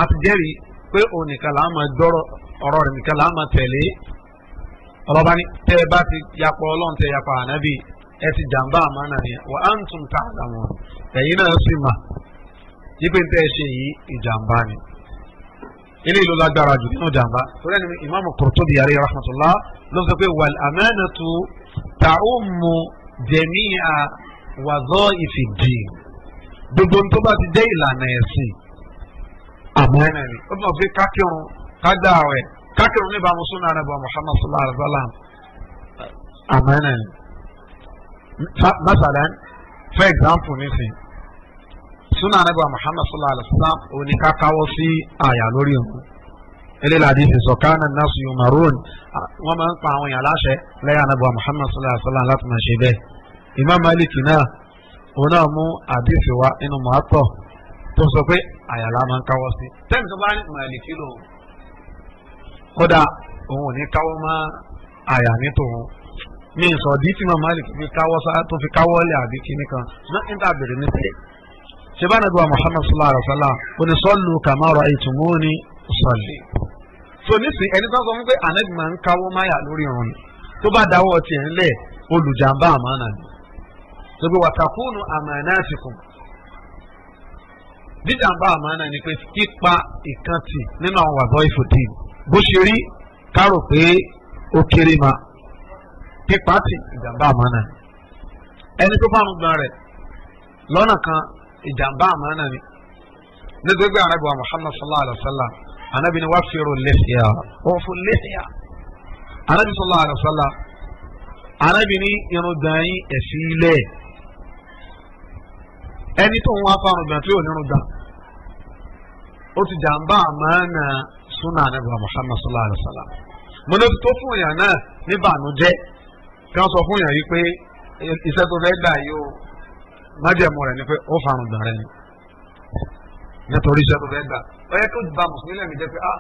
S1: àti jẹ́rìí pé òun nìkan là dọ́rọ̀ ọ̀rọ̀ rẹ̀ nìkan là tẹ̀lé ọlọ́ọ̀bá ni tẹ́ ẹ bá ti yapọ̀ ọlọ́run tẹ́ yapọ̀ ànábì ẹ ti jàǹbá àmánà yẹn wa antum ta'lamun ẹ̀yin ni. eléyìí ló lágbára jù nínú jàǹbá torí ẹni ìmáàmù Qurtubi alayhi rahmatullah ló sọ pé wal amanatu ta'ummu jami'a wadha'ifi ddin gbogbo tó bá ti jẹ́ ìlànà ẹ̀sìn àmánà ni ó mọ̀ fi kákìrún kádàwẹ̀ kákìrún ní ìbámu súnà ànábì Muhammad sallallahu alayhi wa sallam ni masalan for example nísìnyí sunna anabiwa muhammad sallallahu alaihi wa sallam òní ká káwọ́ sí àyà lórí nǹkan eléyìí láti ṣe sọ káàna nasu yumarun wọn máa ń pa àwọn èèyàn láṣẹ lẹ́yìn anabiwa muhammad sallallahu alaihi wa sallam láti máa ṣe bẹ́ẹ̀ imam malik náà òun náà mú àdìsí wa inú mọ́tò tó sọ pé àyà la máa ń káwọ́ sí tẹ́ni tó bá ní malik lòun kódà òun ò ní káwọ́ mọ́ àyà ní tòun mi sọ di tí fi káwọ́ sá tó fi káwọ́ lẹ̀ àbí kíní kan ṣùgbọ́n níta bèrè ní sílẹ̀ seba nabi wa muhammad sallallahu alaihi wa sallam ó ní sọlù kama so nísìnyí ẹni tó ń sọ fún pé anabi máa ń káwọ́ máyà lórí ọ̀run tó bá dáwọ́ tiẹ̀ ńlẹ̀ olùjàmbá àmàna ni tóbi wàtàkùnù àmànàtìkùn dídàmbá àmàna ni pé pípa ìkàntì nínú àwọn wàzọ ìfòdì bó ṣe rí kárò pé ó kéré ma pípa ti ìjàmbá àmàna ni ẹni tó bá ń gbọn rẹ lọ́nà kan ìjàmbá àmàna ni nítorí pé anabi wa muhammad sallallahu alaihi wa sallam anabi ni wafiru lihya ọ̀fun lihya anabi sallallahu alaihi wa sallam anabi ni irun gan yín ẹ̀sìn ilẹ̀ ẹni tó ń wá fáwọn gan tí ò nírun gan ó ti jàǹbá àmàna sunna anabi wa muhammad sallallahu alaihi wa sallam mo tó fún yàn ní bànújẹ́ kí wọ́n sọ fún yàn yìí pé iṣẹ́ tó fẹ́ gbà yìí o májẹ̀mú rẹ̀ ni pé ó farun gbọ̀n rẹ̀ ni nítorí iṣẹ́ tó fẹ́ gbà ó yẹ kó ba mùsùlùmí lẹ́mìí jẹ́ pé ah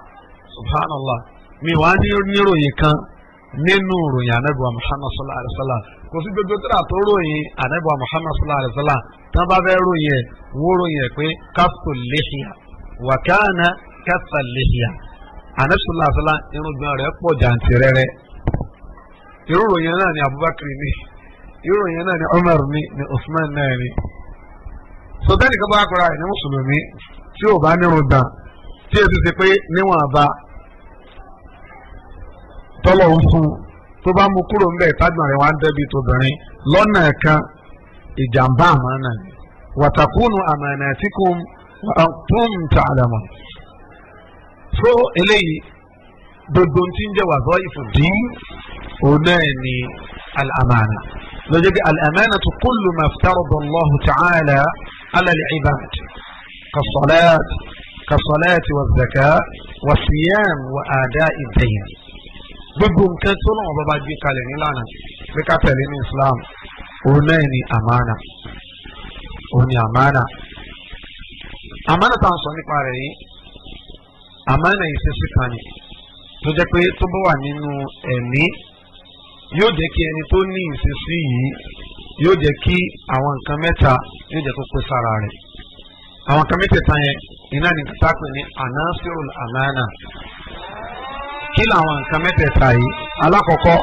S1: subhanallah mi wàá ní níròyìn kan nínú ròyìn anábìwá muhammad sallallahu alayhi wa sallam kò sí gbogbo tíra tó ròyìn anábìwá muhammad sallallahu alayhi wa sallam tán bá fẹ́ ròyìn ẹ̀ wọ́n ròyìn ẹ̀ pé kásù lẹ́hìá wàkánà kásà lẹ́hìá anábìwá sallallahu alayhi wa sallam irùngbọ̀n rẹ̀ pọ̀ jàǹtìrẹrẹ irú ròyìn náà ni abubakar ní irú yẹn náà ni Umar ni ni Usman náà ni so bẹ́ẹ̀ nìkan bá wà kúrò àìní mùsùlùmí tí ò bá nírun dàn tí èsì ti pé níwọ̀n àbá tọ́lọ̀ ń fún tó bá mú kúrò ń bẹ̀ tágbọ̀n rẹ̀ wá ń dẹ́bi tóbìnrin lọ́nà kan ìjàmbá àmàna ni wàtàkùnù àmàna tí kò tún ta àdàmọ̀ eléyìí gbogbo tí ń jẹ́ wàzọ́ ìfòdí òun náà ni al lọ́jọ́ pé al-amanatu kullu ma ftarada Allahu ta'ala ala al-ibad kasalat kasalat wa zaka wa siyam wa ada'i dayn gbogbo nǹkan tó lọ́wọ́ bá bá gbé kalẹ̀ nílànà pé ká tẹ̀lé ní Islam òun náà ni amana òun ni amana amana tá à ń sọ nípa rẹ̀ yìí amana yìí ṣe sí kan ni tó jẹ́ pé tó bá wà nínú ẹ̀mí. Eh, yóò jẹ́ kí ẹni tó ní ìṣesí yìí yóò jẹ́ kí àwọn nǹkan mẹ́ta yóò jẹ́ kó pé sára rẹ̀ àwọn nǹkan mẹ́tẹ̀ẹ̀ta yẹn iná ní kíkà pé ní anasirul amana kí làwọn nǹkan mẹ́tẹ̀ẹ̀ta yìí alákọ̀ọ́kọ́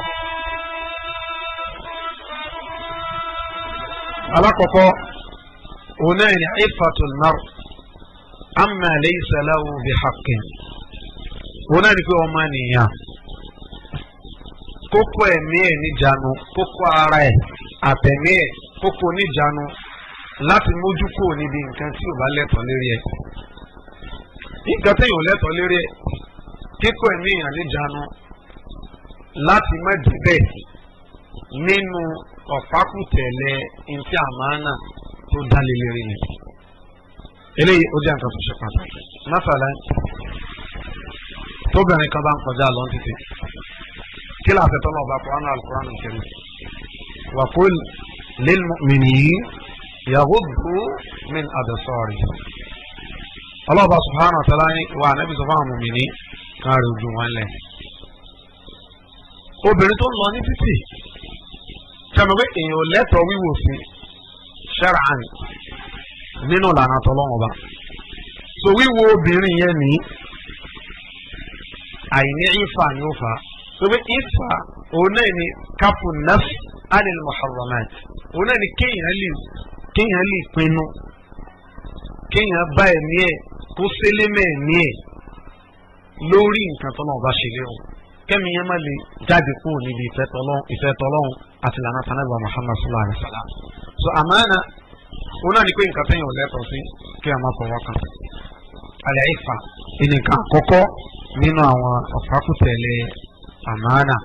S1: alákọ̀ọ́kọ́ òun náà ní ifatul mar amma laysa lahu bihaqqin òun náà ní pé ọmọ nìyà kókó ẹ̀mí ẹ̀ níjànú kókó ara ẹ̀ àtẹ̀mí ẹ̀ kókó níjànú láti mójú kúrò níbi nǹkan tí ò bá lẹ́tọ̀ọ́ lérí ẹ̀. nǹkan tí yóò lẹ́tọ̀ọ́ lérí ẹ̀ kíkó ẹ̀mí èèyàn níjànú láti má débẹ̀ nínú ọ̀pákùtẹ̀lẹ̀ ntí àmàna tó dálé lérí ni. eléyìí ó jẹ́ nǹkan tó ṣe pàtàkì. mọ́sálá tóbìnrin kan bá ń kọjá lọ́n títì kí láti tọ́lọ̀ bá kọ́ ánú alukóránù kẹrin wà kó lil الله yaghuddu min absari ọlọ́ọ̀bá subhanahu wa ta'ala wà nábì sọ fáwọn mùmìnì kan rè ojú wọn lẹ. obìnrin tó ń lọ ní títì sọmi èèyàn lẹ́tọ̀ọ́ wíwò sí shar'an nínú ìlànà tọ́lọ́wọ́n bá so wíwò obìnrin yẹn ní àìní ìfà ni ó fà á sọgbẹ ìfà òun náà ni kápù naf alil muharramat òun náà ni kéèyàn lè kéèyàn lè pinnu kéèyàn bá ẹ̀mí ẹ̀ kó sẹ́lẹ̀ mẹ́ẹ̀mí ẹ̀ lórí nǹkan tó náà bá ṣe léwu kẹ́mi yẹn má lè jáde kúrò níbi ìfẹ́ tọ́lọ́hún àti lànà tánàbà Muhammad sallallahu alayhi wa sallam so àmàna òun náà ni pé nǹkan tẹ́yìn ò lẹ́tọ̀ọ́ sí kí a má fọwọ́ kan alẹ́ ìfà ìnìkan àkọ́kọ́ nínú àwọn ọ̀fàkùtẹ̀lẹ̀ àmàna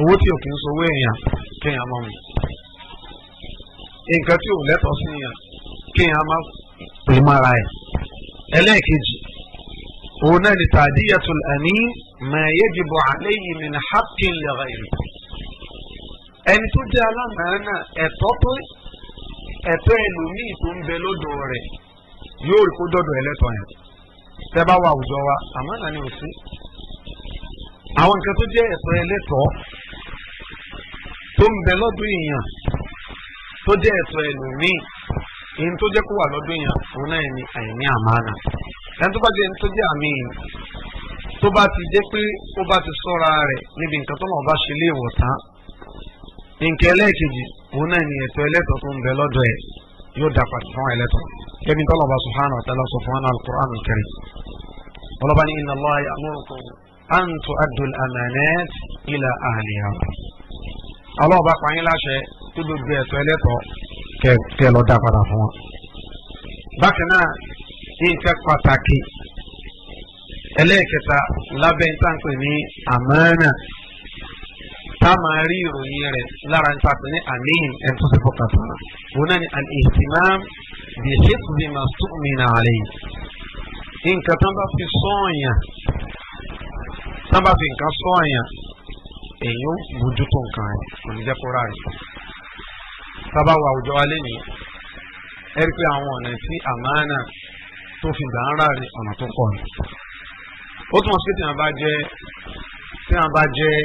S1: owó tí òkè ń sowó èèyàn kéèyàn máa mú nǹkan tí ò lẹ́tọ̀ọ́ sí yàn kéèyàn máa pè mára ẹ̀ ẹlẹ́ẹ̀kejì òun náà ni tàdíyàtul amin ma yajibu alayhi min haqqin li ghayri ẹni tó jẹ́ alámàánà ẹ̀tọ́ tó ẹ̀tọ́ ẹlòmíì tó ń bẹ lọ́dọ̀ rẹ̀ yóò rí kó dọ̀dọ̀ ẹlẹ́tọ̀ọ́ yẹn tẹ́ bá wà àwùjọ wa àmàna ni ò àwọn nǹkan tó jẹ́ ẹ̀tọ́ ẹlẹ́tọ̀ọ́ tó ń bẹ lọ́dún èèyàn tó jẹ́ ẹ̀tọ́ ẹlòmíì èyí tó jẹ́ kó wà lọ́dún èèyàn òun náà ni àìní àmàna ẹni tó bá jẹ́ ẹni tó jẹ́ àmì èèyàn tó bá ti jẹ́ pé ó bá ti sọ́ra rẹ̀ níbi nǹkan tó náà bá ṣe lé ìwọ̀ nǹkan ẹlẹ́ẹ̀kejì òun náà ni ẹ̀tọ́ ẹlẹ́tọ̀ọ́ tó ń bẹ lọ́dọ̀ ẹ̀ yóò dà pàtó fún ẹlẹ́tọ̀ọ́ kẹ́mi tọ́lọ̀ bá subhanahu fún wọn al-Qur'an ọlọ́ba ní inna Allaha ya'murukum an tu'addu al-amanat ila ahliha ọlọ́ọ̀bá pààyàn láṣẹ tó gbogbo ẹ̀tọ́ ẹlẹ́tọ̀ọ́ kẹ lọ dá padà fún wọn. bákan náà nǹkan pàtàkì ẹlẹ́ẹ̀kẹta lábẹ́ ń tàn pé ní àmánà tá a máa rí ìròyìn rẹ̀ lára ń tàpé ní àníyàn ẹni tó ti fọkàn tán náà wọn náà ni al-ihtimam bi hifzi ma stu'mina alayhi nǹkan tó ń bá fi sọ́ọ̀yàn tán bá fi nǹkan sọ àyàn èyí ó bójútó nǹkan rẹ̀ kò ní jẹ́ kó rà rẹ̀ sábà wà àwùjọ wa lénìí ẹ rí i pé àwọn ọ̀nà tí àmàna tó fi gbà ń rà rẹ̀ ọ̀nà tó pọ̀ ni ó túmọ̀ sí tí wọ́n bá jẹ́ tí wọ́n bá jẹ́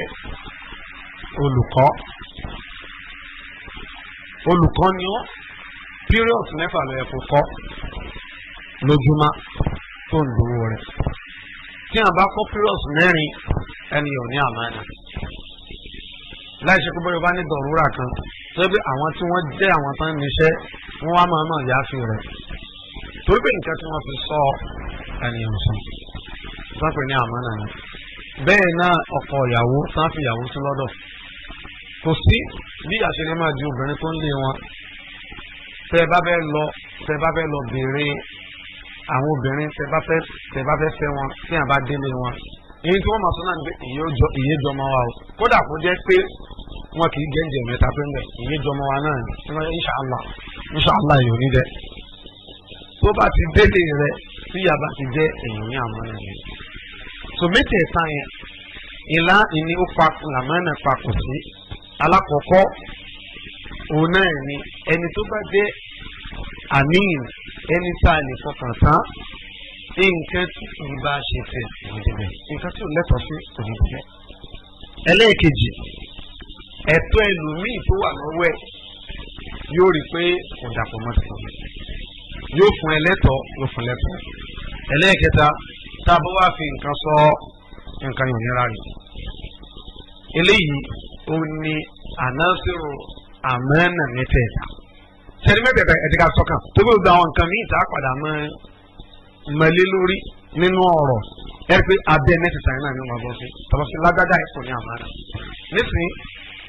S1: olùkọ́ olùkọ́ ni ó pírọ̀tì mẹ́fà lọ́yẹ̀ kó kọ́ lójúmọ́ tó ń dúró rẹ̀ tí a bá kọ́ pírọ̀sì mẹ́rin ẹni ò ní àmánà láìsí pé bóyá bá ní dọ̀rúrà kan tó bí àwọn tí wọ́n jẹ́ àwọn tán níṣẹ́ wọ́n wá máa máa yááfi rẹ̀ torí nǹkan tí wọ́n fi sọ ẹni ò sáfì ní àmánà ni bẹ́ẹ̀ náà ọkọ ìyàwó sáfì ìyàwó sí lọ́dọ̀ kò sí bí àṣírí máa di obìnrin tó ń lé wọn tẹ́ bá fẹ́ lọ tẹ́ bá fẹ́ lọ béèrè àwọn obìnrin tẹ́ bá fẹ́ tẹ bá fẹ́ fẹ́ wọn tí yàn bá délé wọn èyí tí wọ́n máa sọ náà ní pé ìyé jọmọ wa o kódà kó jẹ́ pé wọn kì í gẹ́ǹjẹ̀ mẹ́ta pé ń bẹ̀ ìyé jọmọ wa náà ní inṣàlá inṣàlá yóò ní dẹ tó bá ti délé rẹ tí yàrá ti jẹ́ èyí ní àmọ́ ẹ̀yẹ. so mẹ́tẹ̀ẹ̀ta yẹn ìlà ìní ó pa làmánà papọ̀ sí alákọ̀ọ́kọ́ òun náà ni ẹni tó bá jẹ́ àníyàn ẹni tá a lè fọkàn tán nǹkan tí kì í bá ṣe fẹ́ kò ní débẹ̀ nǹkan tí ò lẹ́tọ̀ọ́ sí kò ní débẹ̀. ẹlẹ́ẹ̀kejì ẹ̀tọ́ ẹlòmíì tó wà lọ́wọ́ ẹ̀ yóò rí i pé kò dàpọ̀ mọ́ ti kọ̀ yóò fún ẹlẹ́tọ̀ yóò fún ẹlẹ́tọ̀ ẹlẹ́ẹ̀kẹta tá a bá wá fi nǹkan sọ nǹkan yóò nira rẹ̀ eléyìí ó ní ànásìrò àmọ́nà mẹ́tẹ̀ẹ̀ta sẹ́ni mẹ́tẹ̀ẹ̀ta ẹ̀dẹ́gà sọ́kàn tó bí gbogbo àwọn nǹkan míì tá a padà mọ́ mẹ́lẹ́ lórí nínú ọ̀rọ̀ ẹ pé abẹ́ mẹ́tẹ̀ẹ̀ta yẹn náà ni wọ́n bọ́ sí tọ́lọ́sí lágbádá ẹ̀kọ́ ní àmàlà nísìnyí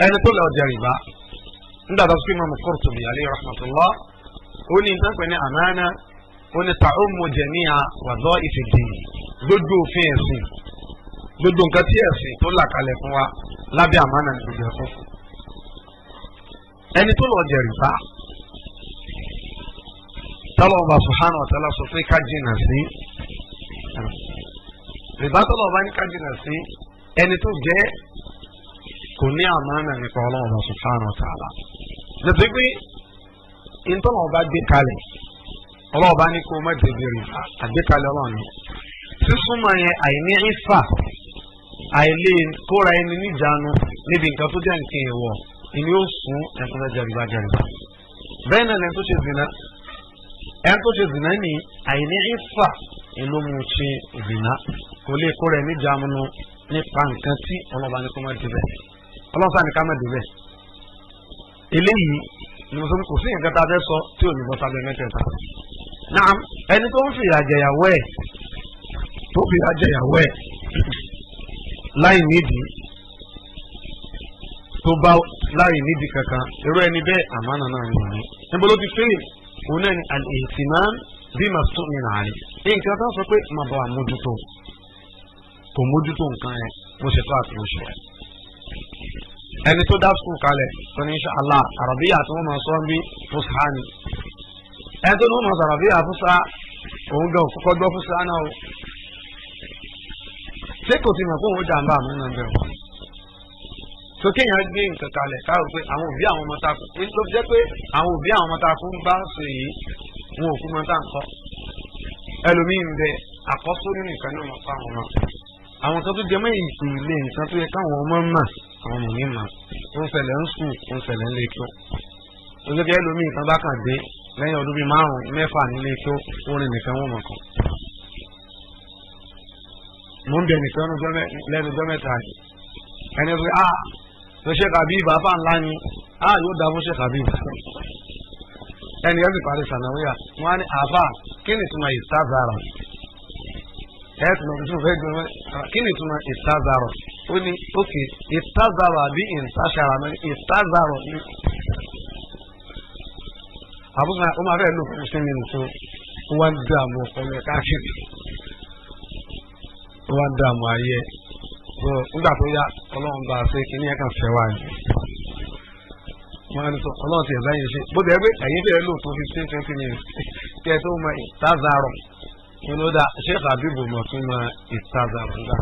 S1: ẹni tó lọ jẹ rìbá nígbà tó fi mọ̀mọ́ Qurtubi alayhi rahmatullah ó ní nǹkan pẹ̀lú àmàlà ó ní ta'ummu jami'a wadha'if ad-din gbogbo òfin ẹ̀sìn gbogbo nǹkan tí ẹ̀sìn tó là kalẹ̀ fún wa lábẹ́ àmàlà ní gbogbo ẹ̀kọ́ ẹni tó lọ jẹ rìbá tọ́lọ̀ ọba subhanahu wa ta'ala sọ pé ká jìnnà sí rìbá tọ́lọ̀ ọba ní ká jìnnà sí ẹni tó jẹ́ kò ní àmánà nípa ọlọ́run ọba subhanahu wa ta'ala lẹ́tọ́ pé ìtọ́lọ̀ ọba gbé kalẹ̀ ọlọ́run ní kó má débi rìbá àgbékalẹ̀ ọlọ́run ni sísúnmọ́ yẹn àìní ìfà àìlè kóra ẹni níjàánu níbi nǹkan tó jẹ́ nǹkan ìwọ̀ ìní ó sún ẹ̀sán jàrìbá jàrìbá bẹ́ẹ̀ náà lẹ́yìn tó ṣe zina ẹn tó ṣe zìnà ní àìní ìfà ló mú ṣe kò lè kó nípa nǹkan tí ọlọ́ba ní kó má débẹ̀ ọlọ́sàn ní ká má débẹ̀ eléyìí ni mo kò sí nǹkan tá a fẹ́ sọ tí ò ní bọ́ sábẹ́ mẹ́tẹ̀ẹ̀ta náà ẹni tó ń ẹ̀ tó ẹ̀ láì nídìí tó bá láì nídìí kankan irú ẹni bẹ́ẹ̀ àmánà náà níbo ló ti òun náà ni al-ihtimam bima stu'mina alayh nǹkan tó sọ pé má bàa mójútó kò mójútó nǹkan yẹn mo ṣe tó àti mo ṣe rẹ. ẹni tó dá sùkúl kalẹ̀ tó ní insha Allah àràbíyà tó wọ́n máa sọ ń bí fúsà ni ẹni tó ní wọ́n máa sọ àràbíyà fúsà òun gan òkúkọ́ gbọ́ fúsà náà o ṣé kò ti mọ̀ pé òun jàǹbá àmúnà bẹ̀rù sókè yẹn gbé nǹkan kalẹ̀ káàrò pé àwọn òbí àwọn ọmọ ta fún ló jẹ́ pé àwọn òbí àwọn ọmọ ta fún bá ṣe yìí wọn ò fún wọn tá à ń kọ́ ẹlòmíín bẹ àkọ́sórí nìkan náà máa fa àwọn ọmọ àwọn kan tó jẹ mọ́ ìpìlẹ̀ nǹkan tó yẹ káwọn ọmọ mà àwọn ọmọ mi mà ń ṣẹlẹ̀ ń sùn ń ṣẹlẹ̀ ń lè ó jẹ́ pé ẹlòmíín kan bá kàn dé lẹ́yìn ọdún bíi márùn-ún mẹ́fà nílé tó orin nìkan wọn mọ̀ kan mo ń bẹ nìkan lẹ́nu dọ́mẹ́ta ẹni pé ah ṣe Sheikh Habib afa ńlá ni a ah, yóò dá fún Sheikh Habib ẹni ẹbí parí sànàwíyà wọn á ní àfa kí ni ìtumọ̀ ìtazàrọ̀ ẹ tuma bí tuma fẹ́ gbẹ mẹ ah, kí ni ìtumọ̀ ìtazàrọ̀ ó ní ókè ìtazàrọ̀ àbí ìtasàrọ̀ àmì ìtazàrọ̀ ni àbúkà ó máa fẹ́ lò fún sẹ́mi nìkan ó wá ń dààmú ọ̀pọ̀lọpọ̀ káfíìn ó wá ń dààmú ayé nígbà tó yá ọlọ́run bá a ṣe kí ní ẹ̀ka fẹ́ wá ni. wọ́n á ní sọ ọlọ́run ti ẹ̀dá yẹn ṣe bó dẹ̀ gbé ẹ̀yìn bẹ̀rẹ̀ lò tó fifteen twenty years kí ẹ tó mọ ìtazàrọ̀ kí ló dá sheikh abibu mọ̀ tún mọ ìtazàrọ̀ ńlá.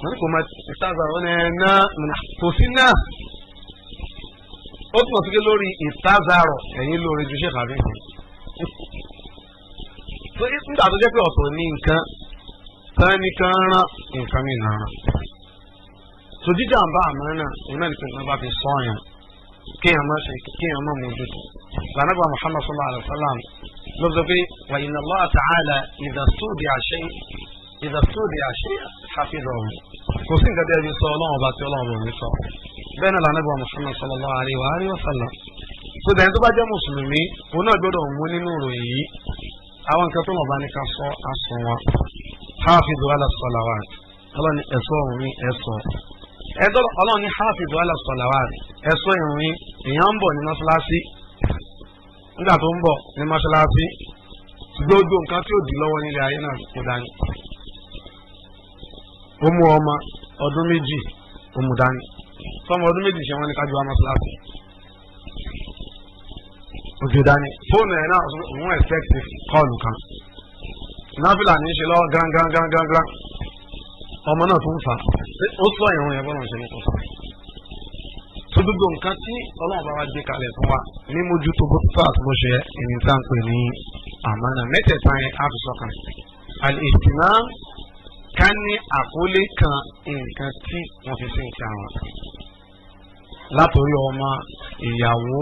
S1: wọ́n ní kò mọ ìtazàrọ̀ ní ẹ̀ná kò sí náà ó túnbọ̀ sí pé lórí ìtazàrọ̀ ẹ̀yìn lórí ju sheikh abibu. nígbà tó jẹ́ pé ọ̀tọ̀ ní nǹkan sani kan rán nǹkan mi náà rán so jíjà bá àmàna òun náà nìkan náà bá fi sọ yẹn kéèyàn má ṣe kéèyàn má mójú tó lànàgbà muhammad sallallahu alayhi wa sallam ló sọ pé wà iná allah ta'ala ìdàsóòdì àṣẹ ìdàsóòdì àṣẹ hafidọ̀ ọ̀hún kò sí nǹkan tí a fi sọ ọlọ́run ọba tí ọlọ́run ọba mi sọ bẹ́ẹ̀ náà lànàgbà muhammad sallallahu alayhi wa sallam so dẹ̀yìn tó bá jẹ́ mùsùlùmí òun náà gbọ́dọ̀ mú nínú ìròyìn yìí àwọn nǹkan tó lọ́ba ní ká sọ Half ala salawat ọlọ́run ní ẹ̀sọ́ ọ̀hún ní ẹ̀sọ́ ẹ̀dọ́ ọlọ́run ní hafizu ala salawat ẹ̀sọ́ ìrun ní èèyàn ń bọ̀ ní mọ́ṣáláṣí nígbà tó ń bọ̀ ní mọ́ṣáláṣí gbogbo nǹkan tí ó di lọ́wọ́ nílé ayé náà kó dání ó mú ọmọ ọdụmiji náfìlà ní í ṣe lọ́wọ́ gán gán gán gán gán ọmọ náà tó ń fa ó sọ ìrún yẹn bọ́lá ń ṣe ní kò sọ. tó gbogbo nǹkan tí ọlọ́run bá wá gbé kalẹ̀ fún wa ní mójú tó bá tó bó ṣe ẹni tá ń pè ní àmánà mẹ́tẹ̀ẹ̀ta yẹn á fi sọ́kàn. àlèsìnà ká ní àkólé kan nǹkan tí wọ́n fi sí nǹkan àwọn. látòrí ọmọ ìyàwó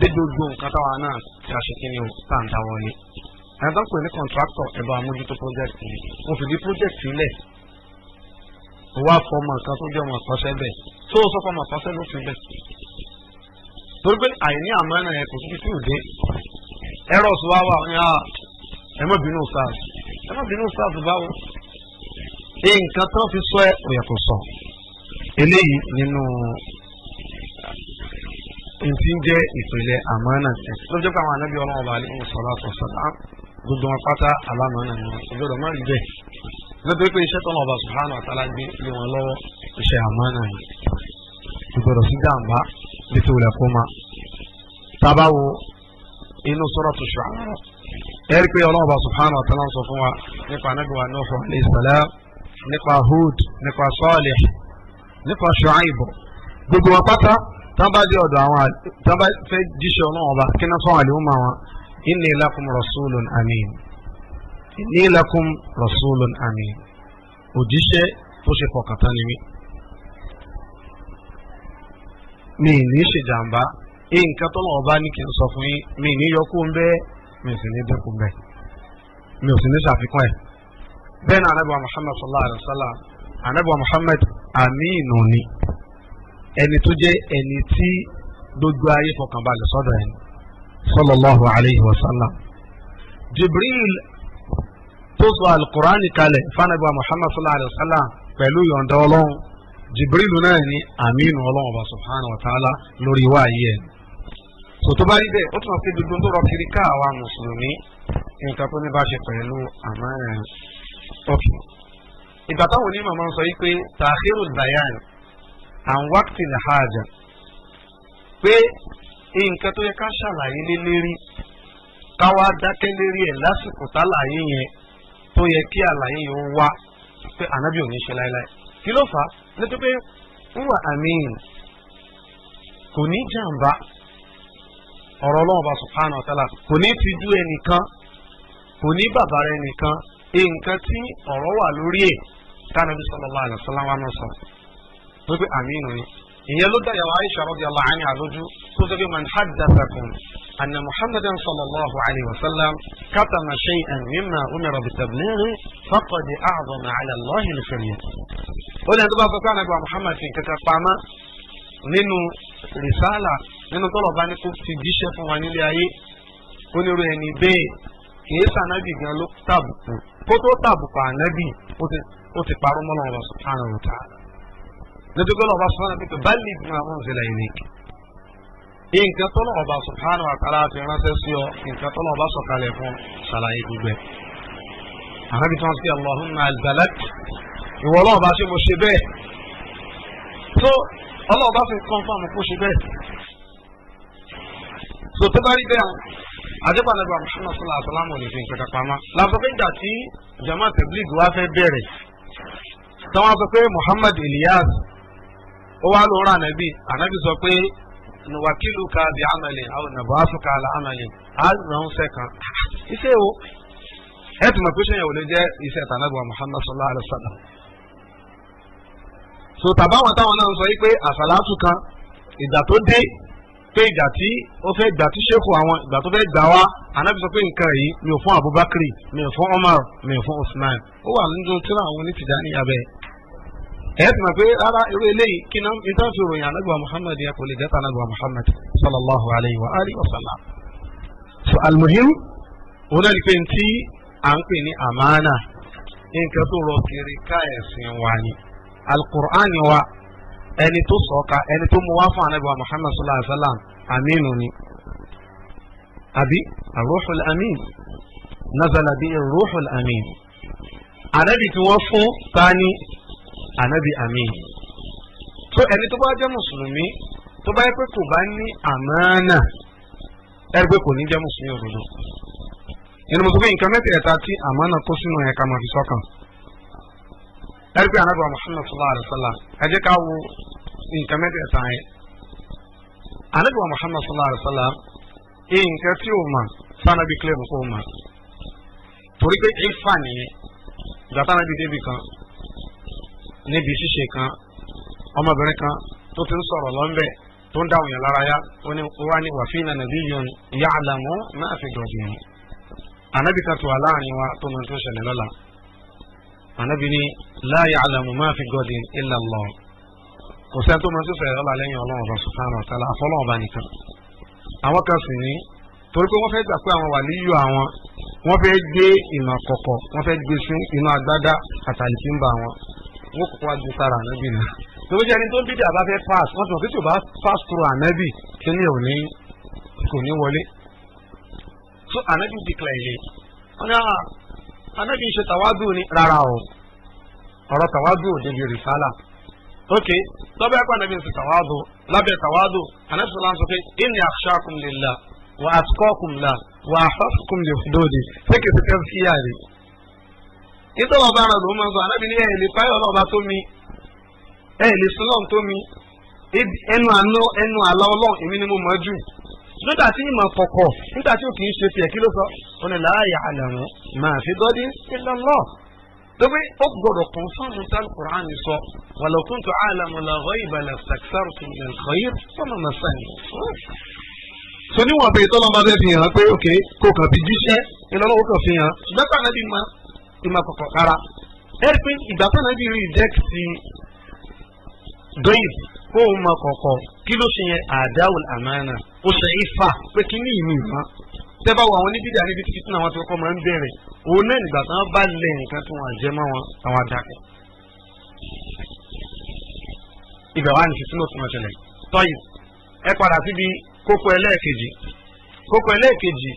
S1: dé gbogbo nǹkan táwa náà ti aṣèkínni ò tá à ń ta wọlé ẹni tó ń pè ní kọ̀ǹtráktọ̀ ẹ̀ bá mójútó pọ́jẹ́tì yìí mo fìdí pọ́jẹ́tì lẹ̀ mo wá fọ ọmọ nǹkan tó jẹ́ ọmọ àkọsẹ́ bẹ̀ tó o sọ fọ ọmọ àkọsẹ́ ló fi bẹ̀. torí pé àìní àmọ́ ẹ̀nà ẹ̀ kò sí títí òde ẹ̀rọ sọ wá wà ní ah, ẹ má bínú sars ẹ má bínú sars báwo nǹkan tó fi sọ ẹ̀ kò sọ eléyìí nínú ntí ń jẹ́ ìpìlẹ̀ àmọ́nà ẹ̀sìn. ló jẹ́ pé àwọn anábì ọlọ́run ọba àlẹ́ ìmọ̀sọ̀rọ̀ àtọ̀sọ̀tà gbogbo wọn pátá alámọ̀nà ni wọn kò gbọdọ̀ má rí bẹ́ẹ̀. lọ́dọ̀ pé iṣẹ́ tọ́lọ̀ ọba subhanahu wa ta'ala gbé lé wọn lọ́wọ́ iṣẹ́ àmọ́nà yìí. ìgbọdọ̀ sí jàǹbá bí ti wulẹ̀ kó ma. tábà wo inú suratu Shu'ara. ẹ rí pé ọlọ́run ọba subhanahu wa sọ fún wa nípa tán bá dé ọ̀dọ̀ àwọn tán bá fẹ́ jíṣẹ́ ọlọ́run ọba kí náà fáwọn àlèhùn máa wọn inni lakum rasulun amin inni lakum rasulun amin òjíṣẹ́ tó ṣe fọkàntán ni mí. mi ní ṣèjàmbá nǹkan tó lọ́wọ́ bá ní kí n sọ fún yín mi ní yọkú ń bẹ́ẹ̀ mi sì ní dínkù ń bẹ́ẹ̀ mi ò sì ní ṣàfikún ẹ̀. bẹ́ẹ̀ ni anabi sallallahu alayhi wa sallam anabi wa aminu ni ẹni tó jẹ́ ẹni tí gbogbo ayé fọkànbalẹ̀ sọ́dọ̀ ẹni sallallahu alayhi wa sallam jibril tó sọ alukurani kalẹ̀ fanabi wa muhammad sallallahu alayhi wa sallam pẹ̀lú yọ̀ǹda ọlọ́run jibril náà ni aminu ọlọ́run ọba subhanahu wa ta'ala lórí wa ayé ẹni sòtò bá rí bẹ́ẹ̀ ó tún àti gbogbo tó rọ kiri ká àwa mùsùlùmí nǹkan tó ní bá ṣe pẹ̀lú àmọ́ ẹ̀ ọ̀kì ìgbà táwọn onímọ̀ máa ń sọ yìí pé tàhírù bayan an waqtil haja pé nǹkan tó yẹ ká ṣàlàyé lé lérí dákẹ́ lérí ẹ̀ lásìkò tálàyé yẹn tó yẹ kí àlàyé yẹn wá pé ànábì ò ní ṣe láéláé kí ló fà á nítorí pé wúwà àmín kò ní jàǹbá ọ̀rọ̀ kò ní fi ju ẹnìkan kò ní bàbá rẹ nìkan nǹkan tí ọ̀rọ̀ wà lórí ẹ̀ kánàbí pépé aminu ni ìyẹn ló dáyàwó aisha radiyallahu anha àlójú tó sọ pé man haddathakum anna muhammadan sallallahu alayhi wa sallam katama shay'an mimma umira bitablighi faqad a'zama ala allahi al-firya. ó ní ẹni tó bá sọ pé anagba muhammad fi kankan pamọ́ nínú rìsálà nínú tọ́lọ̀ bá ní kó ti jíṣẹ́ fún wa nílé ayé onírú ẹni bẹ́ẹ̀ kìí sànábì gan ló tàbùkù kó tó tàbùkù ànábì nítorí pé lọ́ba sọ́nà pípẹ́ báyìí ní àwọn ìṣẹ̀lẹ̀ yìí ni nǹkan tó lọ́wọ́ bá subhanahu wa ta'ala fi ránṣẹ́ sí ọ nǹkan tó lọ́wọ́ bá sọ̀kalẹ̀ fún ṣàlàyé gbogbo ẹ̀. àhábi tí wọ́n sì allahumma albalad ìwọ ọlọ́wọ́ bá ṣe mo ṣe bẹ́ẹ̀ tó ọlọ́wọ́ bá fi kọ́ńfà mo kó ṣe bẹ́ẹ̀. tó tó bá rí bẹ́ẹ̀ adébànàgbà muhammad sallallahu sọ pé muhammad ilyas ó wá lóra ànábì ànábì sọ pé wakilu ka bi amali awo nabasu ka ala amali azan sẹkan iṣẹ wo ẹ tuma pẹsẹ yẹn o lè jẹ iṣẹ tànàbí wa sallallahu alaihi wa sallam so tàbáwọn táwọn náà ń sọ yìí pé àsàlátù kan ìgbà tó dé pé ìgbà tí ó fẹ́ gbà tí ṣéfù àwọn ìgbà tó fẹ́ gbà wá anábì sọ pé nǹkan yìí mi ò fún abubakar mi ò fún omar mi ò fún usman ó wà nínú tíra àwọn onítìjáni abẹ ẹ tuma pé ara irú eléyìí kíná nítorí fi ròyìn anagba muhammad yẹn kò lè jẹ́ tanagba muhammad sallallahu alayhi wa alihi wa sallam. so almuhim wọn náà ní pé ntí à ń pè ní amana nǹkan tó rọ kiri ká ẹ̀sìn wa ni alukur'an wa ẹni tó sọ̀ka ẹni tó mú wá fún anagba muhammad sallallahu alayhi wa sallam aminu ni àbí aruhul amin nazala bi ruhul amin anabi tí wọ́n fún tani ànábì àmín tó ẹni tó bá jẹ́ mùsùlùmí tó bá yẹ pé kò bá ní àmánà ẹgbẹ́ kò ní jẹ́ mùsùlùmí òdodo
S2: ẹni mo sọ pé nǹkan mẹ́tẹ̀ẹ̀ta
S1: tí àmánà kó sínú ẹ̀ ká máa fi sọ́kàn ẹgbẹ́ ànábì Muhammad sallallahu alaihi wasallam ẹ jẹ́ ká wo nǹkan mẹ́tẹ̀ẹ̀ta yẹn ànábì Muhammad sallallahu alaihi wasallam nǹkan tí o mà sanabi kílẹ̀ mú kó o mà torí pé ìfà nìyẹn gbàtà náà bí débi kan níbi ṣíṣe kan ọmọbìnrin kan tó ti ń sọ̀rọ̀ lọ́nbẹ̀ tó ń dáhùn yẹn lára yá ó ní wá ní wàfíìnà nàbí yọ̀n ìyá àlàmú máa fi gbọ̀dọ̀ yẹn. ànábì kan tó wà láàrin wa tó máa tó ṣẹlẹ̀ lọ́la ànábì ní láàyè àlàmú máa fi gbọ̀dọ̀ illa Allah kò sẹ́ni tó máa tó ṣẹlẹ̀ lọ́la lẹ́yìn ọlọ́run lọ subhanahu wa ta'ala nìkan. àwọn kan sì ní torí pé wọ́n fẹ́ gbà pé àwọn wàlíyù àwọn wọ́n fẹ́ gbé ìmọ̀ kọ̀kọ̀ wọ́n fẹ́ gbé sí inú agbádá àtàlìkí ń bá wọn wọn kò kó wá gbé sára ànábì náà tó bí ẹni tó ń bí dàbá fẹ́ pass wọ́n sọ pé tí o bá pass through ànábì kí ò ní kò ní wọlé so ànábì declare ilé wọn ni ah, ànábì ṣe tàwádùn ni rárá o ọ̀rọ̀ tàwádùn débi rìsálà ok tọ́bẹ̀ ẹ̀kọ́ ànábì ṣe tàwádùn lábẹ́ tàwádùn ànábì sọlá ń sọ pé inni akhshakum lillah wa atqakum lah wa ahfazkum li hududi fẹ́kẹ̀sì tẹ́síyà nítorí ọba ara lòún máa ń sọ anábì ní ẹ̀yìn lè páyọ̀ ọlọ́ọ̀ba tó mi ẹ̀yìn lè sun lọ́ọ̀n tó mi ẹnu àná ẹnu àlá ọlọ́ọ̀n èmi ni mo mọ̀ jù nígbà tí ìmọ̀ kọ̀kọ̀ nígbà tí òkè ń ṣe tiẹ̀ kí ló sọ ọ ní láàyè àlàmú máa fi gọ́dí ìlọ́lọ́ tóbi ó gbọdọ̀ kún fún mutal quran sọ wàlẹ̀ kún tó àlàmú làwọ̀ ìbàlẹ̀ sàkísàrù tó ní ẹ̀kọ́yé fọmọ masani. sọ níwọ̀n bẹ́ẹ̀ tọ́lọ́mọdé fi hàn pé òkè kò kàn fi jíṣẹ́ ìlọ́lọ́wọ́ kàn fi hàn ṣùgbọ́n ima kọ̀kọ̀ rárá ẹ̀rí pé ìgbà tó náà bí reject doyin kó o mọ kọ̀kọ̀ kí ló ṣe yẹn àdáwòl àmàna ó ṣe ifá pé kí ní ìmú ìmọ̀ tẹ́bá wo àwọn oníbìdí àríbi títí tí àwọn àtọkọ máa ń bẹ̀rẹ̀ òun náà nígbà tí wọ́n bá lẹ̀ nǹkan tí wọ́n àjẹ́ mọ́ wọn àwọn àdàkọ̀. ibẹ̀ wá ní sísúnmọ̀ tó máa tọ́yì ẹ padà síbi kókó ẹlẹ́ẹ̀kejì kókó ẹlẹ́ẹ̀kejì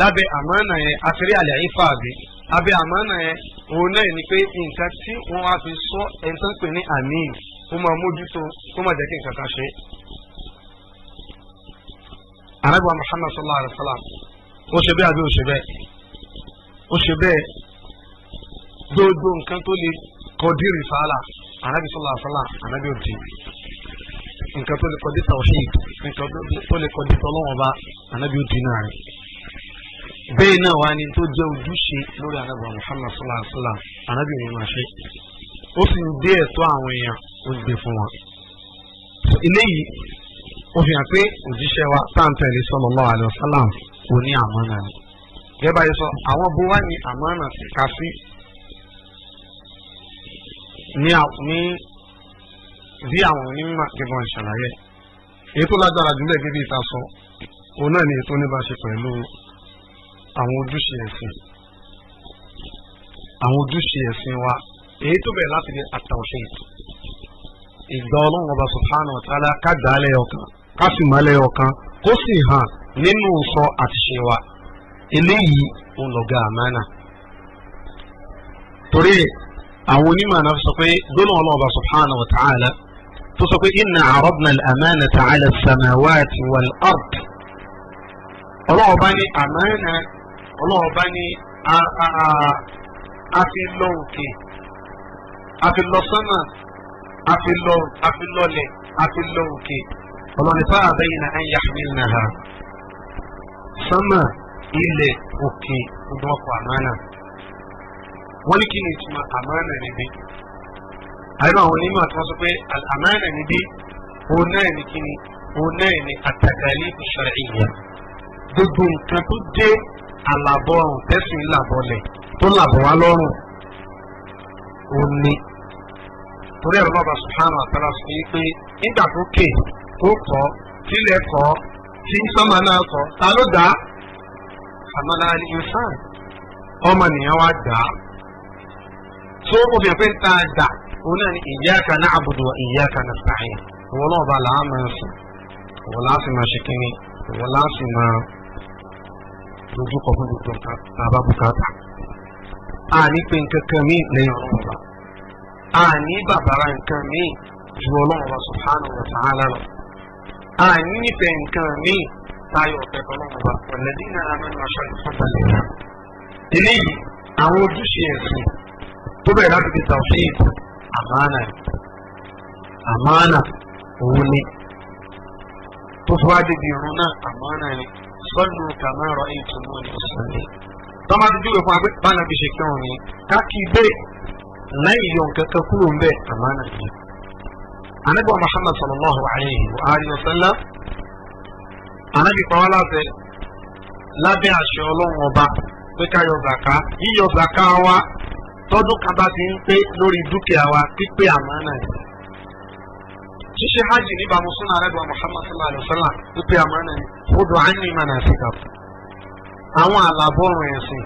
S1: lábẹ́ àmàna yẹn àfẹ́rẹ́ àlẹ́ àyífà àbí abẹ́ àmánà yẹn òun náà ni pé nǹkan tí wọ́n wá fi sọ ẹni tó ń pè ní amin kó máa mójútó kó máa jẹ́ kí nǹkan kan ṣe. arábìwá muhammad sallallahu alayhi wa sallam ó ṣe bẹ́ẹ̀ àbí ó ṣe bẹ́ẹ̀ ó ṣe bẹ́ẹ̀ gbogbo nǹkan tó lè kọdí rìfàlà arábì sallallahu alayhi wa sallam arábì òdì nǹkan tó lè kọdí tawhid nǹkan tó lè kọdí tọ́lọ́wọ́ba arábì òdì náà rẹ̀ bẹ́ẹ̀ náà wá ní tó jẹ́ ojúṣe lórí àrẹ́bà Muhammad sallallahu alaihi wa sallam arábìnrin máa ṣe ó sì ń dé ẹ̀tọ́ àwọn èèyàn ó ń gbé fún wọn. eléyìí ó fi hàn pé òjíṣẹ́ wa táǹtẹ̀lì sallallahu alaihi wa sallam kò ní àmánà ni. gẹ́gbà yìí sọ àwọn bó wá ní àmánà ká sí ní bí àwọn onímọ̀ gẹ́gẹ́ wọn ṣàlàyé èyí tó lágbára jùlọ gẹ́gẹ́ ìta sọ òun náà ni ètò oníbàṣe pẹ̀lú àwọn ojúṣe ẹ̀sìn àwọn ojúṣe ẹ̀sìn wa èyí tó bẹ̀rẹ̀ láti ní àtàwọ̀ṣe ìgbà ọlọ́run ọba subhanahu wa ta'ala ká gbà á lẹ́yọ̀ kan ká sì má lẹ́yọ̀ kan kó sì hàn nínú sọ àtìṣe wa eléyìí ń lọ̀gá àmánà torí àwọn onímọ̀ náà sọ pé gbọ́dọ̀ ọlọ́run ọba subhanahu wa tó sọ pé inna àrọ́bùnà àmánà ta'ala sàmáwáàtì wal ard ọlọ́run ọba ní àmánà ọlọ́run bá ní a fi lọ òkè a fi lọ sánà a fi lọ a fi lọlẹ̀ a fi lọ òkè ọlọ́run fún àbẹ́yìn náà ẹ̀yà mílíọ̀nù náà sánà ilẹ̀ òkè ọdún ọkọ̀ àmánà wọ́n ní kí ni ìtumọ̀ àmánà níbí àìmọ̀ àwọn onímọ̀ àti wọ́n sọ pé àmánà níbí òun náà ní kí ni òun náà ní àtàkàlẹ́ ìṣàlẹ̀ ìyá gbogbo nǹkan tó dé àlàbọ̀rùn tẹ̀sìn làbọ̀lẹ̀ tó torí nígbà tó kè tó kọ́ tilẹ̀ kọ́ tí sọ́mà náà kọ́ ta ló dá àmàlà ìyọ̀sán ọmọnìyàn wa dá tó obìnrin pé ta dá òun náà ni wa náà bá sùn máa ṣe kínní máa. àdójúkọ fún gbogbo nǹkan bàbá bùkátà àní pé nǹkan kan míì lẹ́yìn ọlọ́run ọba àní bàbára nǹkan míì ju ọlọ́run ọba subhanahu wa ta'ala lọ àní nífẹ̀ẹ́ nǹkan míì táyọ̀ ọ̀pẹ̀ ọlọ́run ọba ọ̀lẹ́dí náà mẹ́nu aṣọ ìfọ́nbà lẹ́yìn eléyìí àwọn ojúṣe ẹ̀sìn tó bẹ̀rẹ̀ láti fi tawhid àmánà àmánà òun ni tó fọ́ sọ́lù kàmáàrọ̀ ètùmọ̀ ní sọ́lẹ̀. tọ́mọ ti dúró fún abẹ́ bá nàbí ṣe kírun ni káàkiri bẹ́ẹ̀ láì yọ nǹkan kan kúrò ń bẹ́ẹ̀ àmánà ni. anábọ̀ muhammad sallallahu alayhi wa alihi wa sallam anábì pa wá láṣẹ lábẹ́ àṣẹ ọlọ́run ọba pé ká yọ zàká yíyọ zàká wa tọ́dún kan bá ti ń pé lórí dúkìá wa pípé àmánà ni. Sise hajj níbàámu súnà àrẹ́gbà Muhammad sallallahu alayhi wa sallam wípé àmọ́nà ni hudu anyị manasikakum
S2: àwọn Awọn
S1: ẹ̀sìn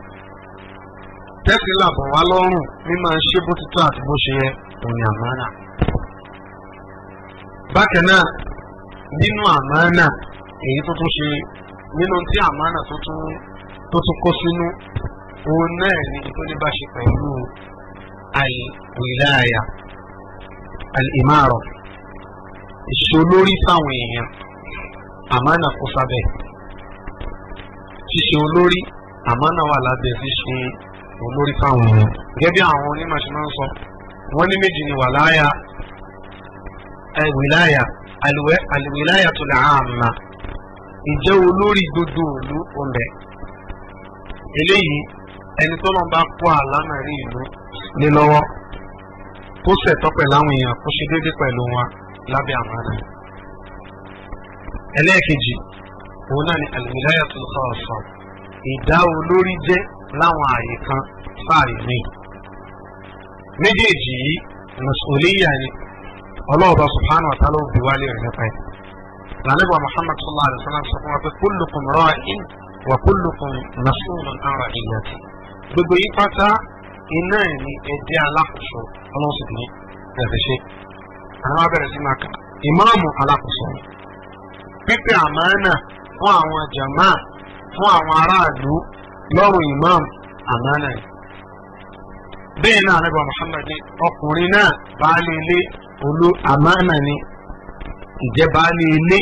S1: tẹ́sí làbọ̀ wá lọ́rùn ní máa bụtutu ṣe ti tó ṣe yẹ òní àmọ́nà. bákan náà nínú àmọ́nà èyí tó ṣe nínú tí àmọ́nà tó ìṣolórí fáwọn èèyàn àmánà kó sábẹ́ ṣíṣe olórí àmánà wà lábẹ́ ṣíṣe olórí fáwọn èèyàn. gẹ́gẹ́ bí àwọn onímọ̀ ṣe máa ń sọ wọ́n ní méjì ni wàláyà wìláyà àlùwìláyà tó lè àmà ìjẹ́ olórí gbogbo òlu ọ̀bẹ. eléyìí ẹni tó lọ́n bá kó àlámẹ̀rí ìlú ní lọ́wọ́ kó ṣẹ̀tọ́ pẹ̀lú àwọn èèyàn kó ṣe déédéé pẹ̀lú wọn lábẹ́ àmàna. ẹlẹ́ẹ̀kejì òun náà ni al-wilayatul khassa ìdá olórí jẹ́ láwọn àyè kan fáàrí mi. méjèèjì yìí mùsùlùmíyà ni ọlọ́ọ̀bà subhanahu wa ta'ala òbí wálé rẹ̀ nípa ẹ̀. lànàbà muhammad sallallahu alayhi wa sallam sọ fún wa pé kullukum ra'in wa kullukum mas'ulun an ra'iyati. gbogbo yìí pátá iná ẹ̀ ni ẹ̀dẹ́ alákòóso ọlọ́sìn ní ẹ̀fẹ̀ ṣe. àwọn abẹ́rẹ́ sí máa kà ìmáàmù alákòóso pípé àmánà fún àwọn jàmá fún àwọn aráàlú lọ́rùn ìmáàmù àmánà yìí. bẹ́ẹ̀ náà nígbà Muhammad ọkùnrin náà baálé ilé olú ni ìjẹ́ baálé ilé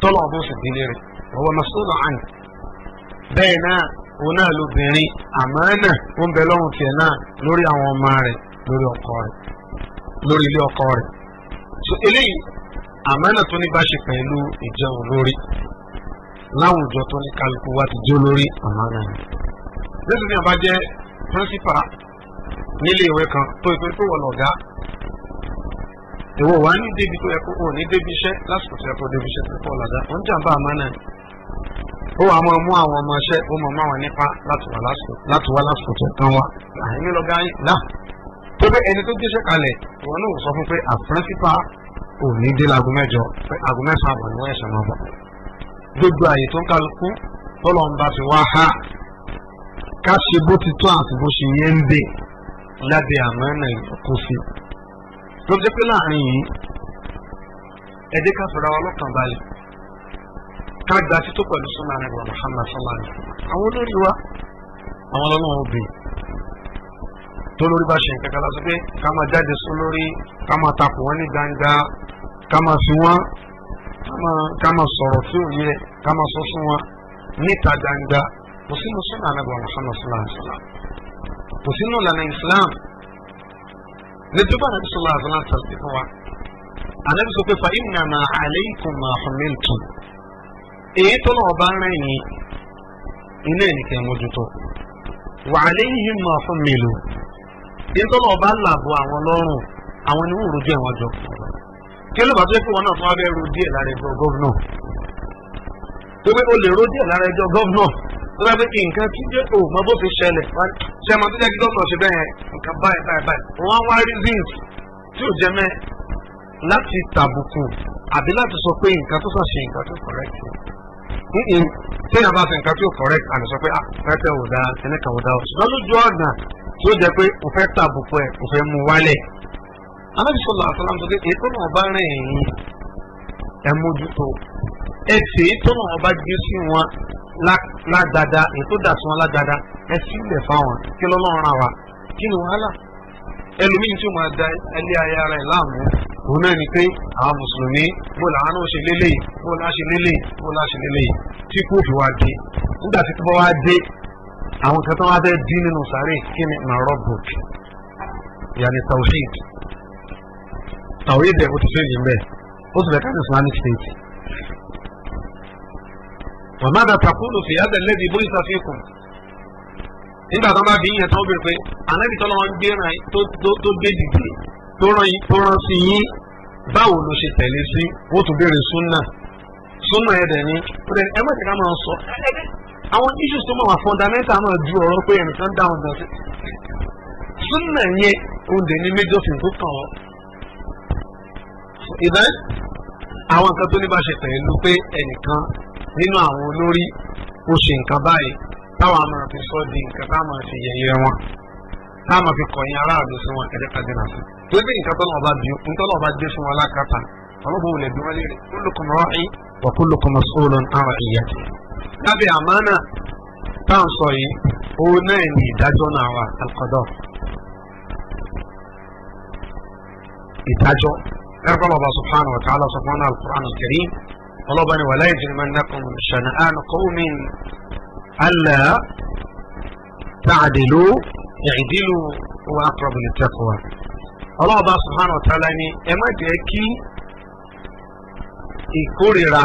S1: tọ́lọ̀ ọdún sì délé rẹ̀ ọwọ́ àná bẹ́ẹ̀ náà òun náà lóbìnrin ó ń bẹ lọ́rùn tiẹ̀ náà lórí àwọn lórí ilé ọkọ rẹ̀ so eléyìí àmánà tó ní bá ṣe pẹ̀lú ìjẹun lórí láwùjọ tó ní kálukú wá ti jó lórí àmánà yìí lẹ́sìn ní àbá jẹ́ pírísípà nílé ìwé kan tó ìpè tó wọ̀ lọ̀gá ìwọ wà ní débi tó yẹ kó o ní débi iṣẹ́ lásìkò tó yẹ kó o débi iṣẹ́ tó pọ̀ lọ̀gá ó ń jàǹbá àmánà yìí ó wàá máa mú àwọn ọmọ iṣẹ́ ó máa máa wọn nípa láti wá lásìkò tó tán wá àìní tó bẹ ẹni tó gbéṣẹ́ kalẹ̀ wọn náà sọ fún pé àpẹẹsípà ò ní dé láago mẹ́jọ pé aago mẹ́sàn àbọ̀ ni wọ́n ẹ̀sán náà bọ̀ gbogbo àyè tó ń kálukú tọ́lọ̀ ń bá fi wá ha ká ṣe bó ti tó àti bó ṣe yẹ ń dè lábẹ́ àmọ́ náà kó sí tó jẹ́ pé láàrin yìí ẹ jẹ́ ká fẹ́ra wa lọ́kàn balẹ̀ ká gba tító pẹ̀lú súnmọ́ àrẹ̀wà Muhammad sallallahu alaihi wasallam àwọn olórí wa àwọn ọlọ́run obìnrin tó lórí bá ṣe nǹkan kan lásán pé ká máa jáde sún lórí ká máa takò wọn ní gbangba ká máa fi wọn ká máa sọ̀rọ̀ tí ò yẹ ká máa sọ fún wọn níta gbangba kò sínú súnà anábọ̀ Muhammad sallallahu alayhi wa sallam kò sínú ìlànà Islam nítorí bá anábì sallallahu alayhi wa sallam sàlẹ̀ fún wa anábì sọ pé fa innama alaykum ma humiltum èyí tó náà bá ń rẹ̀ yín iná ẹ̀ nìkan mójútó wa alayhim ma humilu nítorí ọba làbọ àwọn lọ́rùn àwọn ni wọ́n rò jẹ́ wọn jọ kí ló bá tó yẹ kí wọn náà fún abẹ́ ro díẹ̀ lára ẹjọ́ gọ́vnà tó pé o lè ro díẹ̀ lára ẹjọ́ gọ́vnà tó bá pé kí nǹkan tí jẹ́ o mọ bó fi ṣẹlẹ̀ ṣe máa tó jẹ́ kí gọ́vnà ṣe bẹ́ẹ̀ nǹkan báyìí báyìí báyìí wọ́n wá reasons tí ò jẹ́ mẹ́ láti tàbùkù àbí láti sọ pé nǹkan tó sàṣe nǹkan tó correct nǹkan tí yàrá bá fi nǹkan tó correct àná sọ pé ah pẹ́pẹ́ ò dáa ẹnìkan ò dáa ṣùgbọ́n lójú ọ̀nà yóò jẹ́ pé o fẹ́ tàbùkù ẹ̀ o fẹ́ mú wálẹ̀ alábìsọ̀lá àsálàm sọ pé èyí tó náà bá rìn yín ẹ mójútó ẹ tè é tó náà bá gbé sí wọn lágbada èyí tó dà sí wọn lágbada ẹ sílẹ̀ fáwọn kí lọ́lọ́run ra wa kí ni wàhálà ẹlòmíín tí ó máa da ẹlẹ́ ayé ara ẹ̀ láàmú òun náà ni pé àwọn mùsùlùmí bó la àánú ṣe lélẹ̀ bó la ṣe lélẹ̀ bó la ṣe lélẹ̀ tí kò fi wá dé nígbà tí tó bá wá dé àwọn kan tó wá fẹ́ dín nínú sáré kí ni ma rabbuk yàní tawhid tawhid ẹ̀ o ti fẹ́ yìí mbẹ́ ó sì fẹ́ ká ní islamic state. wa madha taqulu fi hadha alladhi bu'itha fikum nígbà tó bá fi yín ẹ̀tọ́ bẹ̀rẹ̀ pé ànábì tó lọ́wọ́ ń gbé ràn tó dé dìde tó rán sí yín báwo ló ṣe tẹ̀lé sí wọ́n tún béèrè súnà súnà ẹ̀dẹ̀ ni ẹ má jẹ́ ká máa sọ àwọn issues tó máa wà fundamental náà ju ọ̀rọ̀ pé ẹnìkan dáhùn náà sí. súnà yẹn òun dẹ̀ ní méjì òfin tó kàn ọ́. ìdán àwọn nǹkan tó ní bá ṣe pẹ̀lú pé ẹnìkan nínú àwọn olórí ó ṣe nǹkan báyìí táwọn a máa fi sọ di nǹkan tá a máa fi yẹ̀yẹ́ wọn tá fi kọ̀yìn aráàlú sí wọn ẹ̀rẹ́ náà sí. torí pé nǹkan tọ́lọ́ ọba bí ntọ́lọ́ fún wọn lákàtà ọlọ́bùn ò lè dúró lé lábẹ́ àmánà tá à ń sọ yìí òun náà ni ìdájọ́ náà wà alqada ìdájọ́ ẹ̀rọ ọlọ́ba subhanahu wa ta'ala subhanahu al-Qur'an al-Karim ọlọ́ba ni wala yajrimannakum shana'anu qawmin alla ta'dilu i'dilu huwa aqrabu lit-taqwa ọlọ́ba subhanahu wa ta'ala ni ẹ má jẹ́ kí ìkórira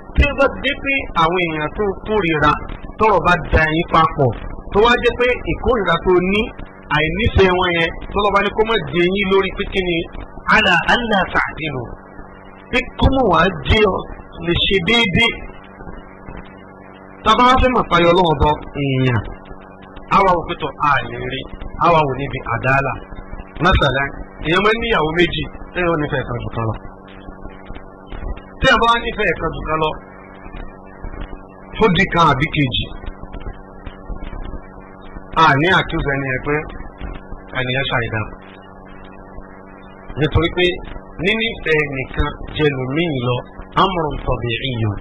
S1: tí ó bá dé pé àwọn èèyàn tó kórìíra tọrọ bá da yín papọ̀ tó wá jẹ́ pé ìkórìíra tó ní àìnífẹ̀ẹ́ wọn yẹn tọ́lọ́ bá ní kó má jẹ yín lórí pínpín ni àlà àlà sàdínù pé kó mọ̀ wá jẹ́ ọ lè ṣe déédéé tábà wá fẹ́ mọ̀ fayọ lọ́wọ́ bọ èèyàn àwa wò pẹ̀tọ̀ àlè rí àwa wò níbi àdáàlà mọ́sálá èèyàn máa ń níyàwó méjì ẹ̀yọ́ nífẹ̀ẹ́ kan jù kan lọ. tí a bá ń nífẹ̀ẹ́ kan jù lọ fúdi kan àbí kejì a ní àkíyèsí ẹnìyẹn pé ẹnìyẹn ṣàìdá nítorí pé nínífẹ̀ẹ́ nìkan jẹlòmíì lọ amúrùn tọ̀bì ìyọ̀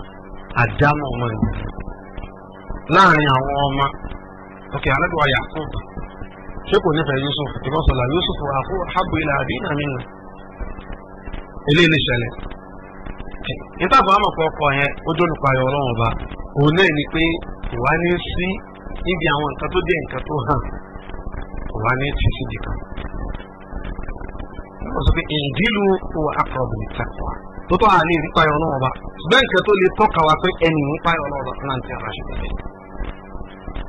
S1: àdámọ̀ ọmọ láàrin àwọn ọmọ ok aládùn ayà fún ṣé kò Yusuf ìbọn sọlá Yusuf àfọ nítàbọ̀ àmọ̀ pé ọkọ̀ yẹn ó jẹ́ olùpayọ̀ ọlọ́run ọba òun náà ni pé ìwà si sí níbi àwọn nǹkan tó jẹ́ nǹkan tó hàn ìwà ní ti sí dìkan. wọ́n sọ pé ìdílù wà àkọ́bù ní tó tọ́ ọba ṣùgbọ́n nǹkan tó lè tọ́ka wa pé ẹnì ìpayọ̀ ọlọ́run ọba náà ti aráṣẹ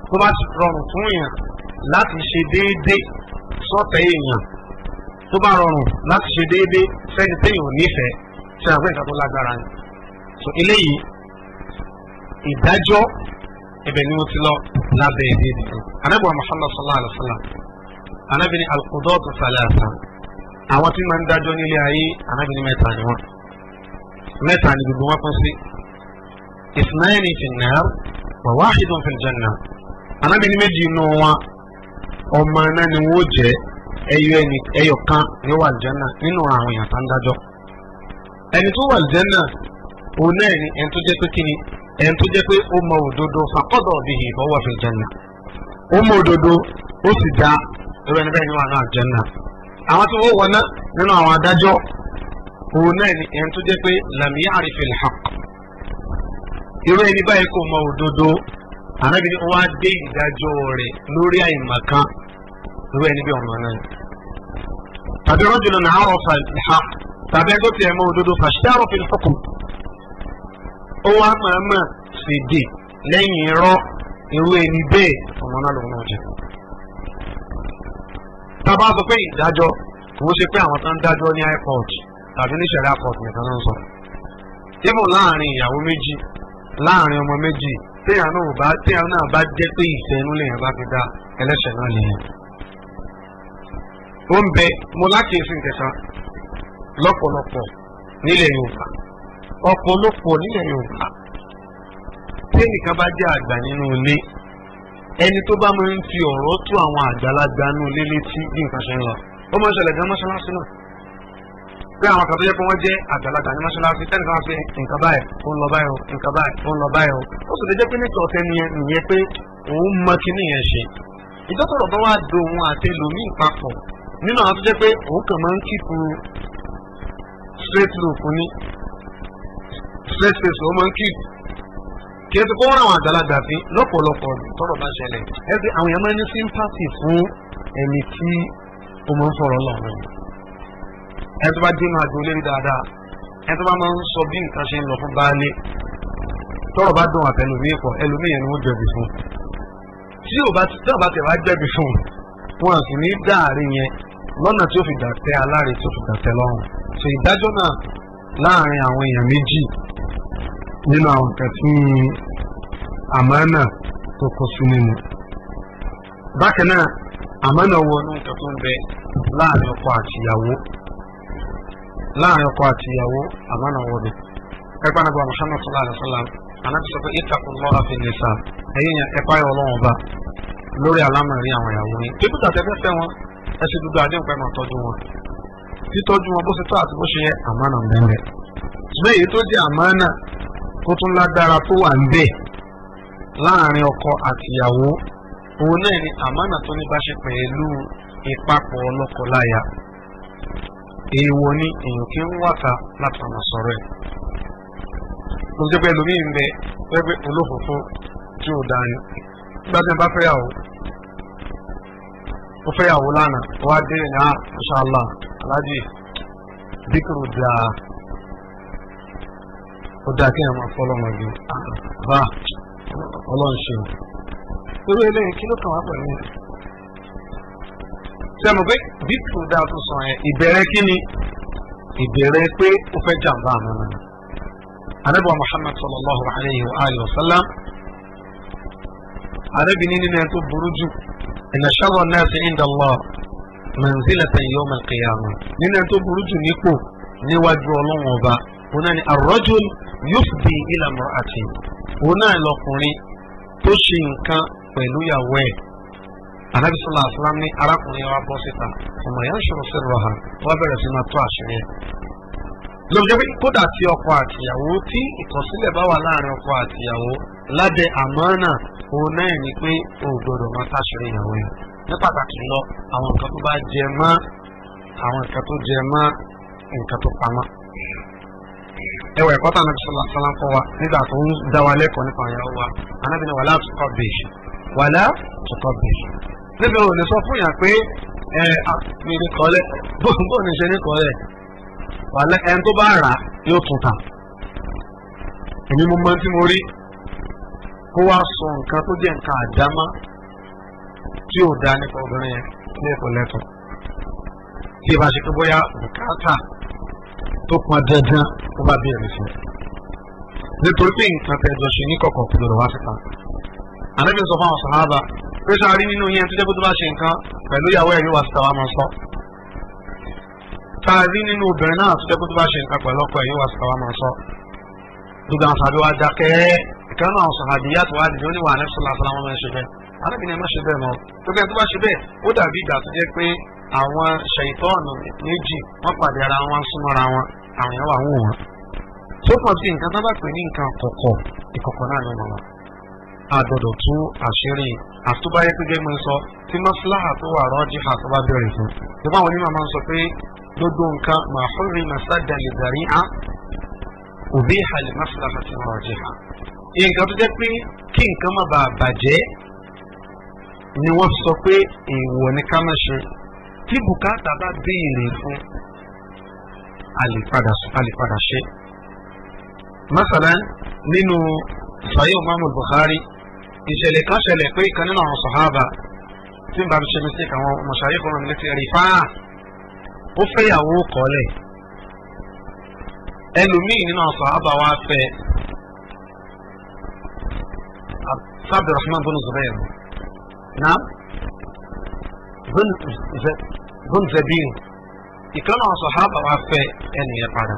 S1: tó bá ti rọrùn fún láti ṣe déédéé sọ́tẹ̀ èèyàn tó bá rọrùn láti ṣe déédéé sẹ́ni téèyàn ṣe àpé nǹkan tó lágbára ni so eléyìí ìdájọ́ ẹ̀bẹ̀ ni mo ti lọ lábẹ́ ẹ̀dẹ́ ìdìbò anábì wa Muhammad sallallahu alayhi wa sallam anábì ni alqudatu salasa àwọn tí máa ń dájọ́ nílé ayé anábì ni mẹ́ta ni wọ́n mẹ́ta ni gbogbo wọn pín sí isnayani fi nnar wa wahidun fi janna anábì ni méjì nù wọn ọmọ náà ni wọ́n jẹ́ ẹyọ kan ní wà janna nínú àwọn èèyàn tá ń dájọ́ ẹni tó wà lìjẹ́nà òun náà ni ẹni tó jẹ́ pé kíni ẹni tó jẹ́ pé ó mọ òdodo fàkọ́dọ̀ bihi fa huwa fil janna ó mọ òdodo ó sì dá irú ẹni bẹ́ẹ̀ ni wà náà jẹ́nà àwọn tó wọ́n wọná nínú àwọn adájọ́ òun náà ni ẹni tó jẹ́ pé lam ya'rifil haqq irú ẹni báyìí kò mọ òdodo àrẹ́bí ni dé ìdájọ́ rẹ̀ lórí àìmọ̀kan irú ẹni bí ọ̀nà náà tàbí rọ́jùlọ náà tàbí ẹgbẹ́ tiẹ̀ mọ òdodo fàṣítàrọ̀ fi lọ́kùn ó wá màmá ṣèdè lẹ́yìn irọ́ irú ẹni bẹ́ẹ̀ ọmọ náà lòun náà jẹ. tábà sọ pé ìdájọ́ kò ó ṣe pé àwọn tó ń dájọ́ ní airport tàbí ní ìṣẹ̀lẹ̀ airport nìkan ló ń sọ. ibùn láàrin ìyàwó méjì láàrin ọmọ méjì téèyàn náà bá téèyàn náà bá jẹ́ pé ìfẹ́nu lèèyàn bá fi dá ẹlẹ́ṣẹ̀ náà lèèyàn. ó ń bẹ mo lákìí sí lọ́pọ̀lọpọ̀ nílẹ̀ Yorùbá ọ̀pọ̀lọpọ̀ nílẹ̀ Yorùbá tẹ́nìkan bá jẹ́ àgbà nínú ilé ẹni tó bá máa ń fi ọ̀rọ̀ tú àwọn àgbàlagbà nínú ilé létí bí nǹkan ṣe ń lọ ó gan mọ́ṣáláṣí náà pé àwọn kan tó yẹ kó wọ́n jẹ́ àgbàlagbà ní mọ́ṣáláṣí nǹkan báyìí ó ń lè jẹ́ pé nìyẹn pé òun mọ kíní yẹn ṣe ìjọ́sọ̀rọ̀ bá wá do àti straight through fún ní straight face ó máa ń kíp kí ẹ ti kó wọn àwọn àgbàlagbà sí lọ́pọ̀lọpọ̀ tọ́rọ̀ bá ṣẹlẹ̀ ẹ ti àwọn èèyàn máa ń ní sympathy fún ẹni tí ó máa ń sọ̀rọ̀ lọ́rùn ẹ tó bá dénú àjò olórí dáadáa ẹ tó bá máa ń sọ bí nǹkan ṣe ń lọ fún baálé tọ́rọ̀ bá dùn àtẹlómíì pọ̀ ẹlòmíì yẹn ni wọ́n jẹ̀bi fún tí ò bá tí bá tẹ̀ wá jẹ̀bi fún wọn sì ní dáàrin yẹn lọ́nà tí ó fi dàtẹ́ aláre tí ó fi dàtẹ́ lọ́rùn ṣe ìdájọ́ náà láàrin àwọn èèyàn méjì nínú àwọn nǹkan tí àmánà tó kó sí nínú. bákan náà àmánà wọ inú nǹkan tó ń bẹ láàrin ọkọ àtìyàwó láàrin ọkọ àtìyàwó àmánà wọ bẹ. ẹgbẹ́ náà bá Muhammad sallallahu alayhi wa sallam anabi sọ pé ittaqullaha fin nisa ẹ̀yin ẹ̀pá yọ ọlọ́run ọba lórí alámọ̀rí àwọn ìyàwó yín. dókítà tẹ́fẹ́ fẹ́ wọn ẹ títọ́jú wọn bó ṣe tó àti bó ṣe yẹ àmánà bẹ́ẹ̀ ṣùgbọ́n èyí tó jẹ́ àmánà tó tún lágbára tó wà ń bẹ̀ ọkọ Atiyawo, òun náà ni to tó ní bá ṣe pẹ̀lú ìpapọ̀ ọlọ́kọláya èèwọ̀ ni èèyàn kí ń wàtà láti sọ̀rọ̀ ẹ̀ jẹ́ pé ń bẹ pẹ́pẹ́ olófòfó tí ò dáa ni nígbà tí wọ́n bá fẹ́yàwó ó fẹ́yàwó lánàá wọ́n á dé ah, Allah aláàjì díkìrù dáa ó dáa kéèyàn máa fọ́ lọ́mọ bí bá ọlọ́run ṣe o. irú eléyìí kí ló kàn wá pẹ̀lú yẹn. sẹ́mu pé díkìrù dáa tó sọ yẹn ìbẹ̀rẹ̀ kí ni ìbẹ̀rẹ̀ pé ó fẹ́ jàǹbá àná nínú. anábọ̀ Muhammad sallallahu alayhi wa alayhi wa sallam arábìnrin nínú ẹ̀ tó burú jù ìnáṣàwọ̀ náà sí ìndàlọ́ọ̀ manzilatan yawm al-qiyamah nínú tó burú jù nípò níwájú ọlọ́run ọba òun náà ni ar-rajul yufdi ila imra'ati òun náà lọkùnrin tó ṣe nǹkan pẹ̀lú ìyàwó ẹ̀ anabi sallallahu alaihi wasallam ní arákùnrin wa bọ́ síta ọmọ yẹn ń ṣòro sí rọha wọ́n bẹ̀rẹ̀ sí máa tó àṣírí ẹ̀. lọ́jọ́ pé kódà tí ọkọ àtìyàwó tí ìkọ̀sílẹ̀ bá wà láàrin ọkọ àtìyàwó lábẹ́ àmánà òun náà ní pé òun gbọ́dọ̀ máa táṣírí ìyàwó yẹn ní pàtàkì lọ àwọn nǹkan tó bá jẹ mọ́ àwọn nǹkan tó jẹ mọ́ nǹkan tó pamọ́. ẹwà ẹ̀kọ́ tàn nàbí sọlá sọlá kọ́ wa nígbà tó ń dá wa lẹ́kọ̀ọ́ nípa àyàwó wa anábì ni wàlá tukọ̀ bèèjì wàlá tukọ̀ bèèjì. níbi òun ní sọ fún yàn pé ẹ mi ní kọ́lẹ̀ bó ní ṣe ní kọ́lẹ̀ wàlá ẹni tó bá rà yóò tún ta èmi mo mọ tí mo rí kó wá sọ nǹkan tó jẹ́ nǹkan àdámọ́ tí ò dá nípa obìnrin yẹn ní ìpínlẹ̀tọ̀ tí ìbá ṣe pé bóyá bùkátà tó pọn dandan ó bá bèèrè sí nítorí pé nǹkan tẹ̀jọ ṣe ní kọ̀kọ̀ kò lọ́wọ́ síta ànábì sọ fáwọn sàhábà pé sáré nínú yẹn tó jẹ́ pé tó bá ṣe nǹkan pẹ̀lú ìyàwó ẹ̀rí wa síta wa máa sọ sáré nínú obìnrin náà tó jẹ́ pé tó bá ṣe nǹkan pẹ̀lú ọkọ ẹ̀rí wa síta wa máa sọ gbogbo àwọn sàbí wa dákẹ́ ìkànnì àwọn sàhábì yàtọ̀ wá dìde ó arábìnrin ẹ má ṣe bẹ́ẹ̀ mọ́ tó kẹ́ tó bá ṣe bẹ́ẹ̀ ó dàbí ìgbà tó jẹ́ pé àwọn ṣèyítọ́ọ̀nù méjì wọ́n pàdé ara wọn súnmọ́ra wọn àwọn èèyàn wà wọ́n wọn. tó pọ̀ sí nǹkan tó bá pè ní nǹkan kọ̀kọ̀ ìkọ̀kọ̀ náà ló mọ̀ a gbọ́dọ̀ tú àṣírí àtúbáyé pé gẹ́gẹ́ sọ tí mọ́síláhà tó wà rọ́ọ̀jì hà tó bá bẹ̀rẹ̀ pé gbogbo nǹkan tó jẹ́ pé kí nǹkan má bàa bàjẹ́ ni wọ́n sọ pé èèwọ̀ ni ká má ṣe tí bùkátà bá béèrè fún àlèpadà ṣe. masalan nínú sahih imam bukhari ìṣẹ̀lẹ̀ kan ṣẹlẹ̀ pé ìkan nínú àwọn sàhábà tí n bá mi ṣe mistake àwọn mọ̀ṣáyé kan rán mi rí fáà ó fẹ́yàwó kọ́lẹ̀ ẹlòmíì nínú àwọn sàhábà wa fẹ́ sábẹ̀ rahman bọ́nù zubair نعم ظل ظل زبين ìkan náà sọ̀hábà wa fẹ́ ẹni yẹn padà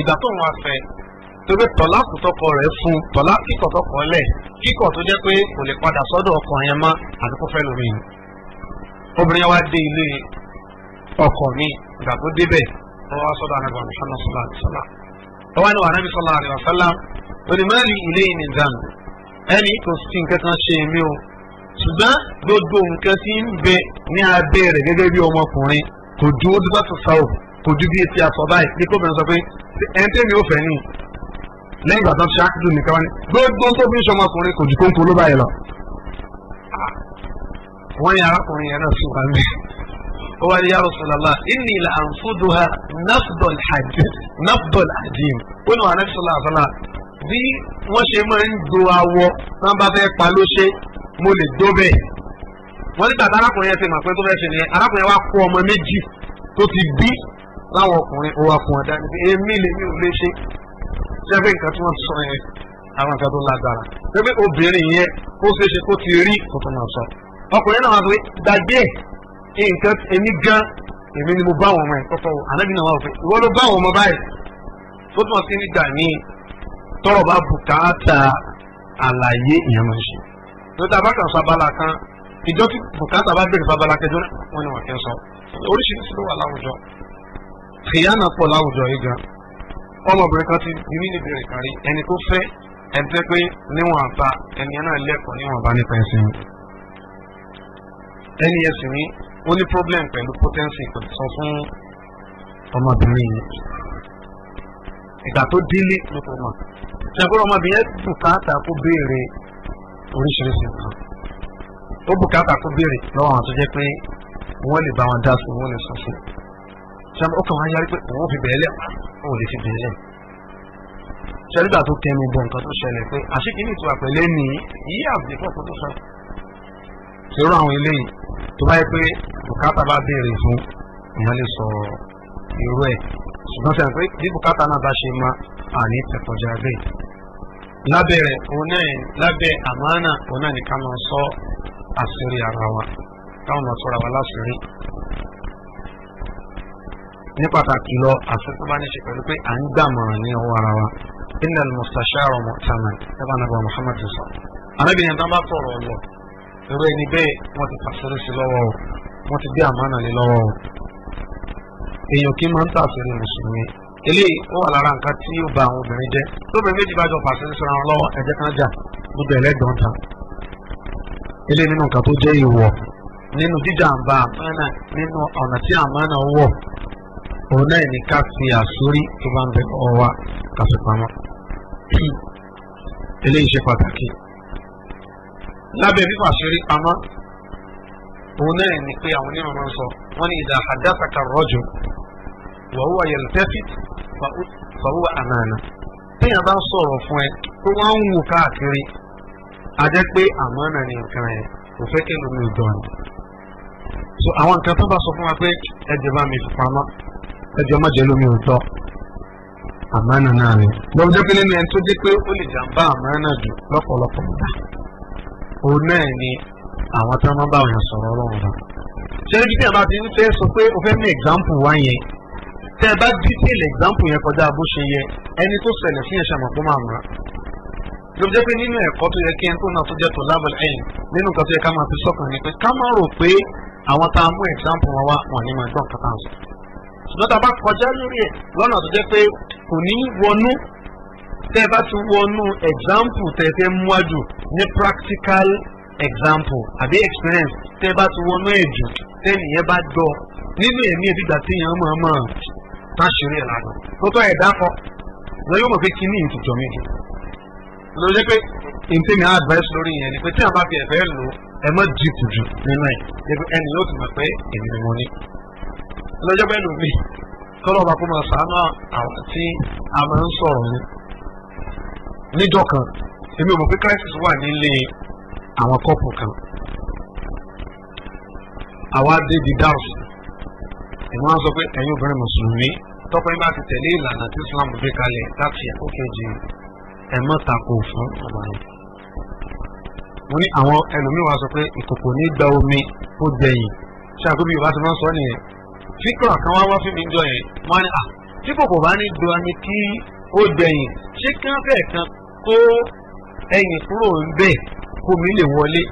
S1: ìgbà tó wọn fẹ́ torí tọ́láàkù fún tọ́lá kíkọ̀ tọkọ lẹ̀ kíkọ̀ tó pé kò ni ilé ọkọ mi ìgbà tó débẹ̀ wọ́n wá sọ́dọ̀ anábì Muhammad sallallahu alaihi wasallam wọ́n wá ṣùgbọ́n gbogbo nǹkan tí ń bẹ ní abẹ́ rẹ̀ gẹ́gẹ́ bí ọmọkùnrin kò dúró dúpẹ́ fòfà o kò ju bí etí aṣọ báyìí ní kóbìnrin sọ pé ẹni tẹ́mi ò fẹ́ ni lẹ́yìn ìgbà tó ṣe ákìdù nìkan wá ní gbogbo tó fi ń ṣe ọmọkùnrin kò ju kóńkó ló báyìí lọ. wọ́n yà arákùnrin yẹn náà sí wa mẹ́ ó wá ní ya Rasulullah inni la anfuduha nafdol adim ó ní wàhálà sọlá àfọlá bí wọ́n ṣe máa ń do awọ tí bá fẹ́ pa ló ṣe mo lè dó bẹ́ẹ̀ wọ́n nígbà tí arákùnrin yẹn ti mọ̀ pé tó fẹ́ ṣe nìyẹn arákùnrin yẹn wá kó ọmọ méjì tó ti bí láwọn ọkùnrin ó wá fún ọ̀dà níbi èmi lèmi ò lè ṣe ṣé pé nǹkan tí wọ́n sọ yẹn àwọn nǹkan tó lágbára ṣé obìnrin yẹn ó ṣe ṣe kó ti rí kó tó máa sọ ọkùnrin náà wá pé dàgbé ẹ̀ nǹkan èmi gan èmi ni mo bá àwọn ọmọ ẹ̀ kọ́kọ́ wò ànábì náà wá pé ìwọ ló bá àwọn ọmọ báyìí tó tún sí nígbà ní tọrọ bá bùkátà àlàyé ìyẹn máa ń ṣe lóta bá kàn sọ abala kan ìjọ tí bùkátà bá bèrè fabala kẹjọ wọn ni wọn kẹ sọ oríṣiríṣi ló wà láwùjọ kìyànà pọ̀ láwùjọ yìí gan ọmọbìnrin kan ti ní níbẹ̀rẹ̀ kárí ẹni tó fẹ́ ẹni tẹ́ pé níwọ̀n àta ẹni yẹn náà lẹ́kọ̀ọ́ níwọ̀n bá nípa ẹsẹ̀ mi ẹni yẹn sì ní ó ní problem pẹ̀lú potency kò sọ fún ọmọbìnrin yìí ìgbà tó délé ló kọ́ mọ̀ ṣàkóso ọmọbìnrin yẹn bùkátà kó béèrè oríṣiríṣi nǹkan ó bùkátà kó béèrè lọ́wọ́ àwọn tó jẹ́ pé wọ́n lè bá wọn dá sí wọ́n lè sọ sí ṣáà ó kàn wá yarí pé òun fi bẹ̀rẹ̀ lẹ̀ òun lè fi bẹ̀rẹ̀ lẹ̀ ṣẹ́rígbà tó kẹ́mi bọ̀ nǹkan tó ṣẹlẹ̀ pé àṣekínì ìtura pẹ̀lẹ́ ni yí àbùdé fún ọ̀pọ̀ tó sọ ṣerú àwọn eléyìí tó bá pé bùkátà bá béèrè fún ìyẹn lè sọ irú ẹ̀ ṣùgbọ́n sẹ́yìn pé bí bùkátà náà bá ṣe máa àní tẹ̀kọ̀já bẹ́ẹ̀ lábẹ́ rẹ̀ òun náà lábẹ́ àmánà òun náà nìkan máa sọ àṣírí ara wa táwọn máa sọra wa láṣírí. ní pàtàkì lọ àfikún bá ní ṣe pẹ̀lú pé à ń gbàmọ̀ràn ní ọwọ́ ara wa inna al-mustashara mu'taman ẹ̀bá nàbà Muhammad sọ. arábìnrin tó ń bá tọrọ lọ irú ẹni bẹ́ẹ̀ wọ́n ti pàṣírí sí lọ́wọ́ o wọ́n ti gbé àmánà lé lọ́wọ́ o. èèyàn kì í máa ń tàṣírí mùsùlùmí eléyìí wọn wà lára nǹkan tí ó ba àwọn obìnrin jẹ́ lóbìnrin méjì bá jọ pàṣẹ ń sọra wọn lọ́wọ́ ẹ̀jẹ̀ kan jà gbogbo ẹlẹgbọn ta eléyìí nínú nǹkan tó jẹ́ ìwọ nínú jíjà àǹbá àmọ́nà nínú ọ̀nà tí àmọ́nà ń wọ̀ òun náà ní ká fi àsórí tó bá ń bẹ ọwá kàṣẹ pamọ́ eléyìí ṣe pàtàkì lábẹ́ fífà àṣírí pamọ́ òun náà ní pé àwọn onímọ̀ máa ń sọ wọ́n ní ìdá àdásàkà wàhùwà yẹlẹtẹfit fàhùwà àmàna téèyàn bá sọ̀rọ̀ fún ẹ tó wọ́n ń wù káàkiri a pé àmàna ni nǹkan yẹn kò fẹ́ kí lómi ìdán ni. so àwọn nǹkan tó bá sọ fún wa pé ẹjẹ bá mi fi pamọ́ ẹjẹ má jẹ lómi òótọ́ àmàna náà ni. lọ́wọ́ jẹ́ pé nínú ẹni tó jẹ́ pé ó lè jàǹbá àmàna jù lọ́pọ̀lọpọ̀ gbà òun náà ni àwọn tí wọ́n bá wọn sọ̀rọ̀ ọlọ́run náà. ṣé ibi tí a bá ti ń fẹ́ sọ pé o fẹ́ mú example wá yẹn tẹ́ ẹ bá detail example yẹn kọjá bó ṣe yẹ ẹni tó ṣẹlẹ̀ sí ẹ̀ṣẹ̀ àmọ̀pọ̀ máa mọ̀ ló jẹ́ pé nínú ẹ̀kọ́ tó yẹ kí ẹni tó náà tó jẹ́ tó lábẹ́lẹ̀ ẹ̀yìn nínú nǹkan tó yẹ ká máa fi sọ́kàn ni pé ká má rò pé àwọn tá a mú example wọn wá wọn ní máa gbọ́n kàtà sùn ṣùgbọ́n tá a bá kọjá lórí ẹ̀ lọ́nà tó jẹ́ pé kò ní wọnú tẹ́ ẹ bá ti wọnú example tẹ́ ẹ fẹ́ mú wájú ní practical example àbí experience tẹ́ ẹ bá ti wọnú ẹ̀ jù tẹ́ ẹ nìyẹn bá dọ̀ nínú ẹ̀mí ẹ̀ táṣírí ẹ̀ lánàá lótọ́ ẹ̀dá kan lọ yóò mọ̀ pé kí ní ìtìjọ́ mi jù ló jẹ́ pé nǹkan ní advice lórí yẹn ni pé tí a bá fi ẹ̀fẹ́ lò ẹ má jìpù jù nínú ẹ̀ ẹgbẹ́ ẹni yóò ti mọ̀ pé èmi ni mo ní ló jẹ́ pé lómi tọ́lọ́ bá kó máa sàánú àwọn tí a máa ń sọ̀rọ̀ ní níjọ́ kan èmi ò mọ̀ pé crisis wà nílé àwọn kọ́pù kan àwa dé dáhùn ìwọ́n sọ pé ẹ̀yin obìnrin mùsùlùmí tọ́pẹ́ bá ti tẹ̀lé ìlànà tí Islam gbé kalẹ̀ láti àkókèjì ẹ̀mọ́ tako fún ọba yẹn. mo ní àwọn ẹlòmíín wa sọ pé ìkòkò ní gba omi ó gbẹ̀yìn ṣé àkóbí yorùbá ti máa ń sọ nìyẹn fíkọ̀ kan wá wá fún mi jọ yẹn mo ní à tí kòkò bá ní gba omi kí ó gbẹ̀yìn ṣé kí wọ́n fẹ́ẹ̀ kan kó ẹ̀yìn kúrò ń bẹ̀ kó lè wọlé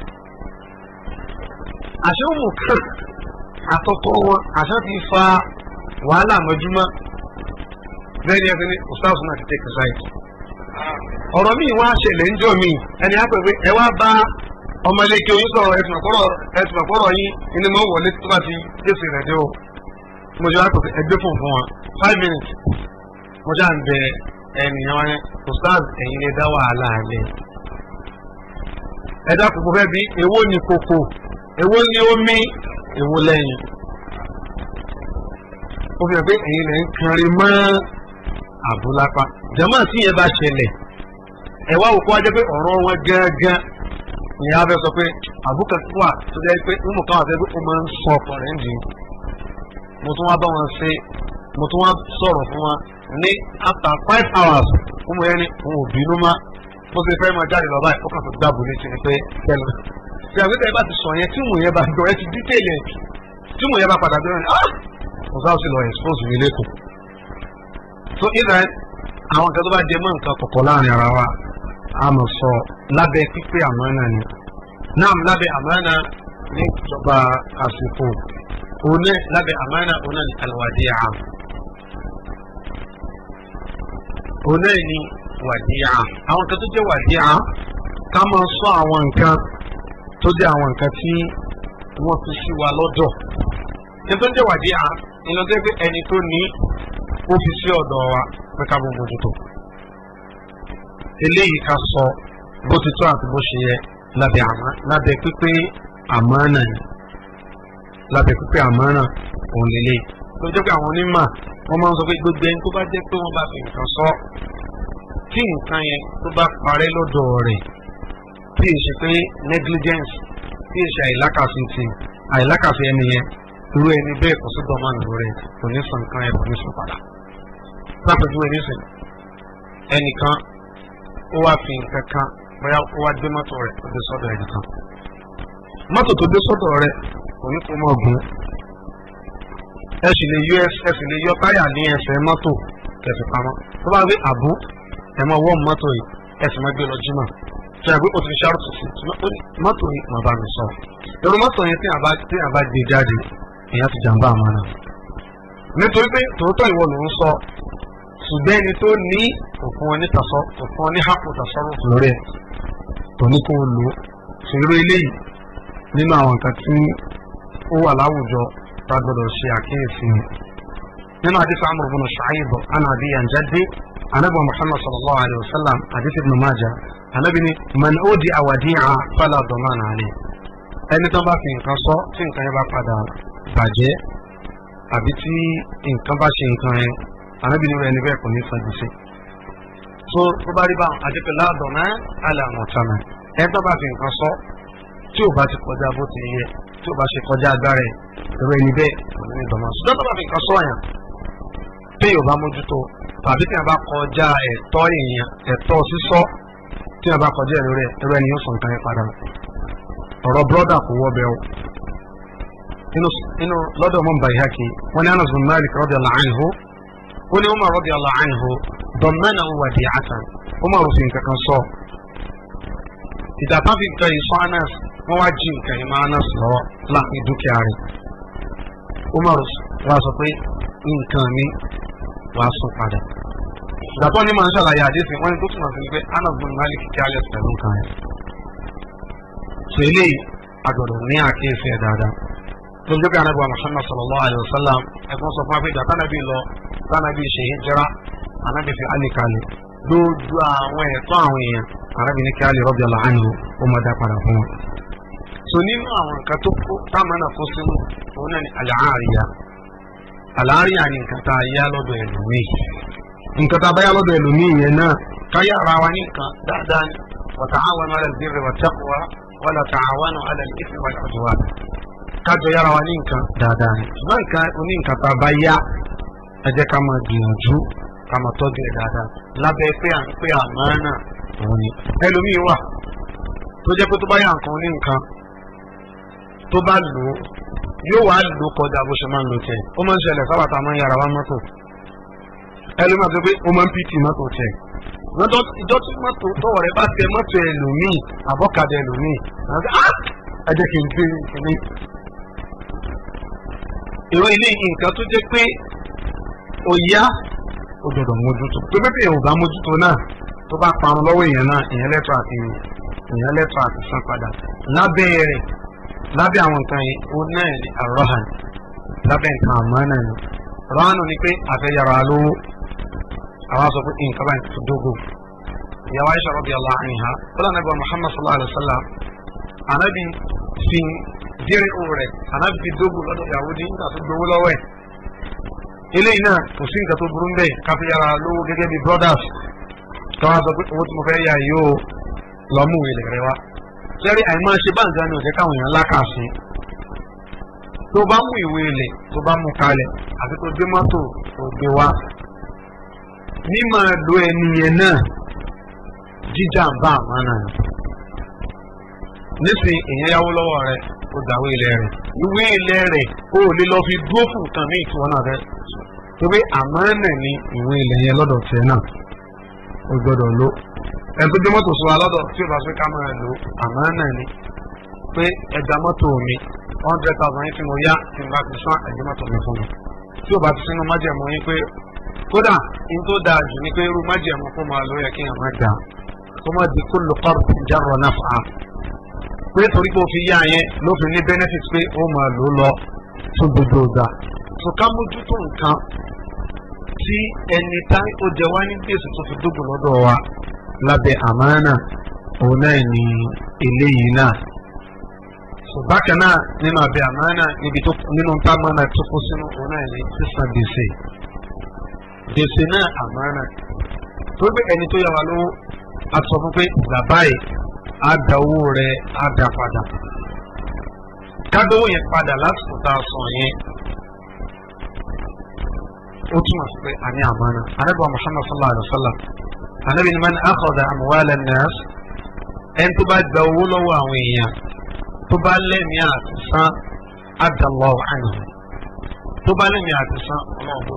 S1: àṣé ó mú kàn àtọ́tọ́ wọn àṣà ti fa wàhálà mọ́júmọ́ ni ẹ ti ní ustaz ti take side. ọ̀rọ̀ míì wá ṣẹlẹ̀ ń ẹni á pè pé ẹ wá bá ọmọlẹ́kẹ́ oyin sọ̀rọ̀ ẹ̀sùnàkọ́rọ̀ yín wọlé tó bá jésù dé o. mo jọ fún fún wa five minutes mo jà ń bẹ ẹnìyàn wọn ustaz ẹ̀yin lè dá wàhálà ìwú lẹ́yìn ó fi hàn pé ẹ̀yin lẹ́ ń kanrin mọ́ àbúlápá jẹ́mọ́ tí yẹn bá ṣẹlẹ̀ ẹ̀wá òkú wájẹ́ pé ọ̀rọ̀ wọn gángan ni a fẹ́ sọ pé àbúkẹ́kùwà tó jẹ́ pé ó mọ̀ káwọn fẹ́ pé ó máa ń sọ ọkùnrin dì mo tún wá bá wọn ṣe mo tún wá sọ̀rọ̀ fún wọn ní after five hours ó mọ̀ yẹn ni òun ò bínú mọ́ bó ṣe fẹ́ máa jáde lọ báyìí ó kàn tó gbàgbó létí ni pé kẹ́lẹ́ ṣe àgbẹ̀tẹ̀ bá ti sọ yẹn tí mò ń yẹn bá dọ̀ ẹ ti dítẹ̀lì ẹ̀ tí mò ń yẹn bá padà dọ̀ ah mo sáà sì lọ expose mi lẹ́kọ̀ọ́ so either àwọn kan tó bá jẹ mọ́ nǹkan kọ̀kọ̀ láàrin ara wa a mọ̀ sọ lábẹ́ pípé àmánà ni náà lábẹ́ àmánà ní ìjọba àsìkò òní lábẹ́ àmánà òní ni àlùwàdíyà òní ni wàdíyà àwọn kan tó jẹ́ wàdíyà ká máa sọ àwọn nǹkan tó jẹ́ àwọn nǹkan tí wọ́n fi sí wa lọ́dọ̀ nítorí tó ń jẹ́ wàdí à nínú pé ẹni tó ní ó fi sí ọ̀dọ̀ wa pé ká bó bójútó eléyìí ká sọ bó ti tó àti bó ṣe yẹ lábẹ́ àmọ́ lábẹ́ pípé àmọ́ náà ni lábẹ́ pípé àmọ́ náà òun lélẹ́yìí tó jẹ́ pé àwọn onímọ̀ wọ́n máa ń sọ pé gbogbo ẹni tó bá jẹ́ pé wọ́n bá fi nǹkan sọ tí nǹkan yẹn tó bá parẹ́ lọ́dọ̀ rẹ̀ tí ì ṣe pé negligence tí ì ṣe àìlákàsí ti àìlákàsí ẹni yẹn irú ẹni bẹ́ẹ̀ kò sí gbọ́mọ nù rẹ̀ kò ní san kan ẹ̀ kò ní san padà. sápẹ̀jú ẹni sìn ẹnìkan ó wá fi nǹkan kan bóyá ó wá gbé mọ́tò rẹ̀ ó dé sọ́dọ̀ ẹnìkan. mọ́tò tó dé sọ́dọ̀ rẹ̀ kò ní kó mọ̀ gùn. ẹ sì lè yọ ẹ sì lè yọ táyà ní ẹsẹ̀ mọ́tò kẹfì pamọ́ tó bá wí àbú ẹ̀ mọ́ wọ́n mọ́tò yìí ẹ sì máa gbé lọ jímọ̀ ṣàgbé o ti ṣàrùtù sí mọ́tò ní bàbá mi sọ ẹ̀rọ mọ́tò yẹn tí a bá gbé jáde èèyàn ti jàǹbá àmàna nítorí pé tòótọ́ ìwọ ló ń sọ ṣùgbọ́n ẹni tó ní òfin ọní tàṣọ òfin ọní hapò tàṣọ lórí ẹ̀ tó ní kó lò ó ṣèrú eléyìí nínú àwọn nǹkan tí ó wà láwùjọ tá a gbọdọ̀ ṣe àkíyèsí nínú àdìsá àmọ̀ ọ̀gbọ̀n ṣàyẹ̀bọ̀ àná anabi muhammad sallallahu alayhi wa sallam hadith ibn majah anabi ni man odi awadi'a fala domana ale ẹni tó bá fi nǹkan sọ tí nǹkan yẹn bá padà bàjẹ́ àbí tí nǹkan bá ṣe nǹkan yẹn anabi ni ẹni bẹ́ẹ̀ kò ní san gbèsè so tó bá rí bá àti pé ládọ̀nà alàmọ̀tánà ẹni tó bá fi nǹkan sọ tí ò bá ti kọjá bó ti yẹ tí ò bá ṣe kọjá agbára ẹ̀ ẹ̀rọ ẹni bẹ́ẹ̀ kò ní dọ̀mọ́ ṣùgbọ́n tó bá fi nǹkan sọ tí yóò bá mójútó tàbí tí yóò bá kọjá ẹ̀tọ́ èèyàn ẹ̀tọ́ sísọ tí yóò bá kọjá ẹ̀rọ rẹ̀ ẹ̀rọ ẹni yóò sọ nǹkan yẹn padà ọ̀rọ̀ bọ́dà kò wọ́ bẹ́ẹ̀ o inú lọ́dọ̀ mọ́ bàyí hákì wọn ní Anas bin Malik radiyallahu anhu wọn ní Umar radiyallahu anhu dọ̀mẹ́nà wadi'atan Umar sì nǹkan kan sọ ìdàpá fi nǹkan yìí sọ Anas wọn wá jí nǹkan yìí máa Anas lọ láàrin dúkìá rẹ̀ Umar wá sọ pé nǹkan mi wàá sọ padà. ìgbàgbọ́ ni màá ṣàlàyé àdéhùn wọn ni tó túmọ̀ sí pé Anas bin Malik ya alex pẹ̀lú nǹkan yẹn. sọ eléyìí agbọ̀dọ̀ ní àkíyèsí ẹ̀ dáadáa. Muhammad sallallahu alayhi wa sallam ẹ̀gbọ́n sọ fún wa pé ìgbà tánábì lọ tánábì ṣe é jẹ́ra anábì fi alẹ́ kalẹ̀ lójú àwọn ẹ̀tọ́ àwọn èèyàn arábì ní kí alẹ́ rọ́bì ọ̀la ó máa dá padà fún wọn. nínú àwọn nǹkan tó kó táwọn kó sínú òun náà ni àlárí àní nǹkan tá a yá lọ́dọ̀ ẹlòmíì nǹkan tá a bá yá lọ́dọ̀ ẹlòmíì yẹn náà káyà ara wa ní nǹkan dáadáa ni wa ta'awanu 'ala al-birri wat-taqwa wa la ta'awanu 'ala al-ithmi wal-'udwan kájọ yára wa ní nǹkan dáadáa ni ṣùgbọ́n nǹkan oní nǹkan tá a bá yá ẹ jẹ́ ká máa gbìyànjú ká máa tọ́jú ẹ̀ dáadáa lábẹ́ pé à ń pè àmọ́ náà òun ni ẹlòmíì wà tó jẹ́ pé tó bá yá nǹkan oní nǹkan yóò wá lò kọjá bó ṣe máa ń lò tiẹ̀ ó máa ń ṣẹlẹ̀ sábà tá a máa ń yára wá mọ́tò ẹlòmíà tó pé ó máa ń pt mọ́tò tiẹ̀ lọ́jọ́ ìjọ tí mọ́tò tọ̀wọ̀ rẹ bá tẹ mọ́tò ẹlòmíì àbọ̀kadà ẹlòmíì ah! ẹ jẹ́ kí n gbé ìkíní. ìwé ilé nǹkan tó jẹ́ pé ó yá ó gbọdọ̀ mójútó tó bẹ́ẹ̀ bẹ́ẹ̀ ò bá mójútó náà tó bá parun lọ́wọ́ èèyàn náà èèyàn lẹ́tọ̀ọ́ àti èèyàn lẹ́tọ̀ọ́ àti san padà lábẹ́ rẹ̀ lábẹ́ àwọn nǹkan yìí ó náà ní àrọ́hàn lábẹ́ nǹkan àmọ́ ni ránù ni pé àfẹ́yàrá lówó àwọn sọ pé nǹkan báyìí tó dógò ìyàwó Aisha radiyallahu anha bọ́lá nàbẹ́ Muhammad sallallahu alayhi wa sallam anabi fi dírí òun rẹ̀ anabi fi dógò lọ́dọ̀ ìyàwó dín nígbà tó gbowó lọ́wọ́ ẹ̀ eléyìí náà kò sí nǹkan tó burú ń bẹ̀ káfíyàrá lówó gẹ́gẹ́ bí brothers tọ́wọ́n sọ pé owó tí mo fẹ́ yà yóò lọ́mú ìlẹ̀ rẹ wá sẹ́rí àìmọ́ ṣe bá nǹkan ní ọ̀sẹ̀ káwọn èèyàn lákàṣe tó bá mú ìwé ilẹ̀ tó bá mú kalẹ̀ àti tó gbé mọ́tò tó gbé wá mímọ lo ẹnìyẹn náà jíjà ń bá àmọ́ náà nísìnyí èèyàn yáwó lọ́wọ́ rẹ ó dàwé ilẹ̀ rẹ lọ fi dúró fún nǹkan ní náà àmọ́ náà ni ìwé ilẹ̀ yẹn lọ́dọ̀ ẹni tó gbé mọ́tò sọ alọ́dọ̀ tí o bá fi ká máa lò àmọ́ náà ni pé ẹ̀dá mọ́tò mi one hundred thousand yín tí mo yá tí n bá ti sán ẹ̀dá mọ́tò mi fún mi tí o bá ti sínú májẹ̀mú yín pé kódà n tó dáa jù ni pé irú májẹ̀mú kó máa lò yẹ kí n máa dà kó má di kó lò kọ́rù járọ̀ náà fà á pé torí pé o fi yá yẹn ló fi ní benefit pé ó máa lò lọ fún gbogbo ọ̀gá tó mójútó nǹkan tí ẹni tá ó jẹ wá ní gbèsè tó fi dógò lọ́dọ̀ wa lábẹ́ àmánà òun náà ni eléyìí náà bákan náà nínú abẹ́ àmánà níbi tó nínú tá àmánà tó kó sínú òun náà ni sísan gbèsè gbèsè náà àmánà tó gbé ẹni tó yà wá lówó a sọ fún pé bàbá yìí á da owó rẹ̀ á da padà kádówó yẹn padà lásìkò tá a yẹn ó túmọ̀ sí pé àní àmánà anábọ̀ Muhammad sallallahu alayhi wa sallam anabi ni man akhadha amwala an-nas ẹni tó bá gba owó lọ́wọ́ àwọn èèyàn tó bá lẹ́mìí àtisán adallahu anhu tó bá lẹ́mìí àtisán ọlọ́ọ̀bù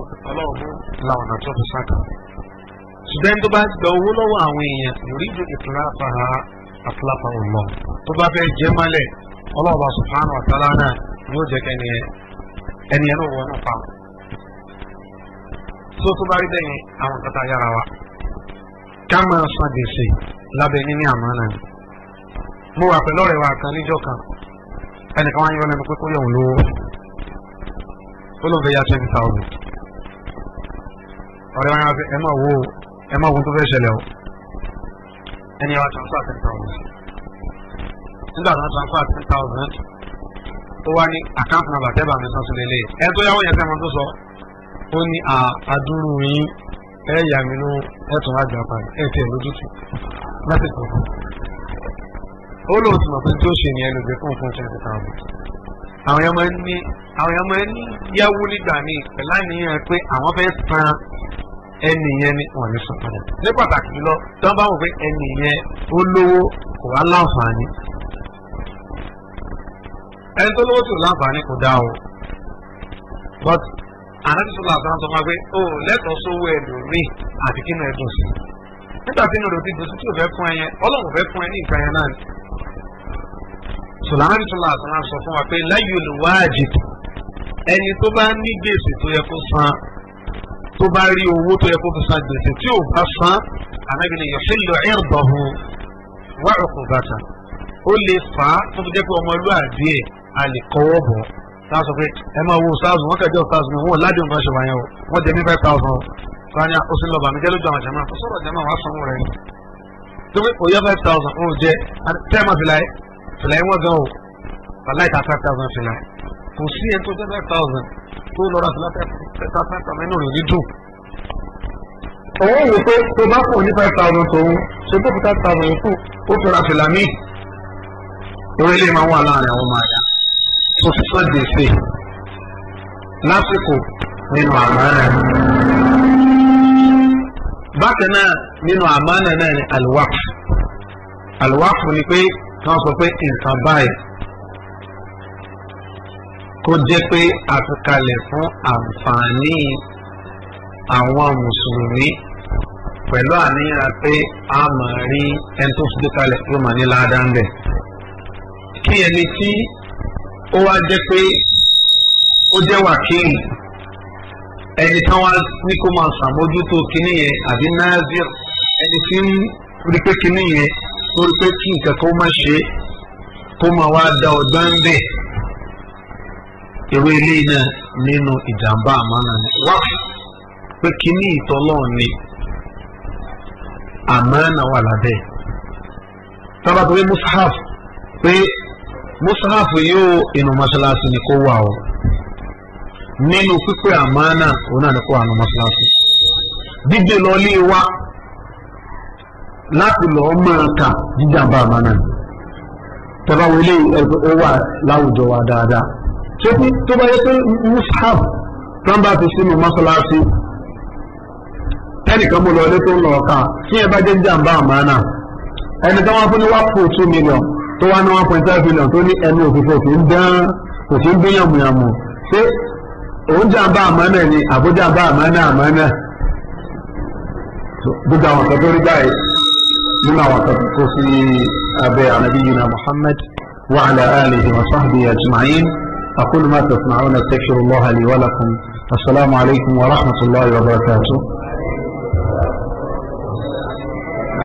S1: làwọn àti ọ̀fisàn kan ṣùgbọ́n tó bá gba owó lọ́wọ́ àwọn èèyàn yuridu itlafaha atlafa Allah tó bá fẹ́ jẹ́ mọ́lẹ̀ ọlọ́ọ̀bà subhanahu wa náà ni ó jẹ́ kẹ́ni ẹni ẹni òwò náà pa. tó tó bá rí Kama máa san gbèsè lábẹ́ níní àmánà mo wà pẹ̀lú ọ̀rẹ́ wa kan níjọ́ kan ẹnìkan wá ń yọ lẹ́nu kó yọ̀ lówó ó lóun twenty thousand ọ̀rẹ́ wa yára fẹ́ ẹ máa wo ẹ máa wo tó fẹ́ ṣẹlẹ̀ o ẹni yàrá transfer ten thousand nígbà tó transfer ten thousand ó wá ní àkáǹtì nàbàtẹ́bà mi sàn sílẹ̀ lé ẹ tó yàwó yẹn fẹ́ mọ́ tó sọ ó ní àdúrú yín ẹ yà mí nú ẹ tún wá gbà báyìí ẹ tẹ lójútùú lásìkò kan ó lóun ti mọ̀ pé tí ó ṣe nìyẹn lòdì fún fún twenty thousand àwọn ọmọ ní àwọn ọmọ ní yáwó nígbà míì pẹ̀lú àníyàn pé àwọn fẹ́ san ẹni yẹn ni wọn ní sọ padà ní pàtàkì jùlọ tí wọn bá wọ pé ẹni yẹn ó lówó kò wá láǹfààní ẹni tó lówó tó láǹfààní kò dá o but ànábìsọ̀lá àtàwọn sọ máa pé ó lẹ́tọ̀ọ́ sówó ẹlòmíì àti kínú ẹ̀dùn sí nígbà tí inú rẹ̀ ti dòtú tí ò fẹ́ fún ẹ yẹn ọlọ́run fẹ́ fún ẹ ní nǹkan yẹn náà ni. sọlá ànábìsọ̀lá àtàwọn sọ fún wa pé láyé olùwáàjì ẹni tó bá ní gbèsè tó yẹ kó san tó bá rí owó tó yẹ kó fi san gbèsè tí ò bá san ànábì ni yọ̀ṣẹ́ lọ ẹ̀rọ̀bọ̀hù wá ọkùnrin bàtà ó lè fà á tó fi jẹ́ pé ọmọlúwàbí ẹ̀ a lè kọ́wọ́ bọ̀ náà sọ pé ẹ máa wo ṣáàzù wọn kẹjọ ṣáàzù mi wọn ò ládìí nǹkan ṣe wà yẹn o wọn jẹ ní five thousand sani o ah, sì lọ bàmí jẹ lójú àwọn jẹmọ tó sọ̀rọ̀ jẹmọ wàá sanwó rẹ tó pé òye five thousand ó jẹ tẹ́ẹ̀mà fìlà yẹ fìlà yẹ wọ́n gan o wàláì ta five thousand fìlà yẹ kò sí ẹni tó jẹ five thousand tó lọ́ra fìlà five thousand inú rẹ̀ ní dùn. òun wò pé tó bá fún ní five thousand tòun ṣe tó fi five thousand yòókù ó fi ra fìlà míì orílẹ̀ tó sọ gbèsè lásìkò nínú àmánà bákan náà nínú àmánà náà ni alwaf alwaf ni pé wọ́n sọ pé nǹkan báyìí kó jẹ́ pé a fi kalẹ̀ fún àǹfààní àwọn mùsùlùmí pẹ̀lú àníyàn pé a máa rí ẹni tó fi kalẹ̀ tó máa ládàá ń bẹ̀ kí ẹni tí ó wá jẹ́ pé ó jẹ́ wákìlì ẹni tán wá ní kó máa ṣàmójútó kinní yẹn àbí nazir ẹni tí ń rí pé kinní yẹn tó rí pé kí nǹkan kó má ṣe kó máa wá da ọgbọ́n ń bẹ̀
S2: èrò eléyìí náà
S1: nínú ìjàmbá àmọ́nà ni wáfù pé kinní ìtọ́lọ́ọ̀ ni àmọ́nà wà lábẹ́ tọ́ba tó rí mushaf pé. musahafu yiwo inu masalasi ni ko wawo n'elu pipe amana ona ni ko anu masalasi dide loli wa lati lo ma ka dide aba amana tẹba wele ẹgbẹ o wa lawujọ wa daadaa tẹbi tẹba yẹ pe musahafu tẹnba ti si inu masalasi tẹni kan mo lọ ọdẹ tó ń lọ ọka fún yẹn aba amana ẹni tẹ wọn fún ni wa pọ two million. tó wá ní one point five lọ tó ní ẹnu òfìfo kì í dán tó ní ẹni òfìfo kì í dán kò sí bí yànmùyànmù ṣé òun jàǹbá àmánà ni àbójàǹbá àmánà àmánà gbogbo àwọn kan tó rí báyìí nínú àwọn kan tó sí abẹ́ anabi muhammed wa ala ànábìyìnà Muhammad وعلى آله وصحبه أجمعين أقول ما تصنعون استغفر الله لي ولكم asalaamualeykum wa rahmatulahi wa barakatu.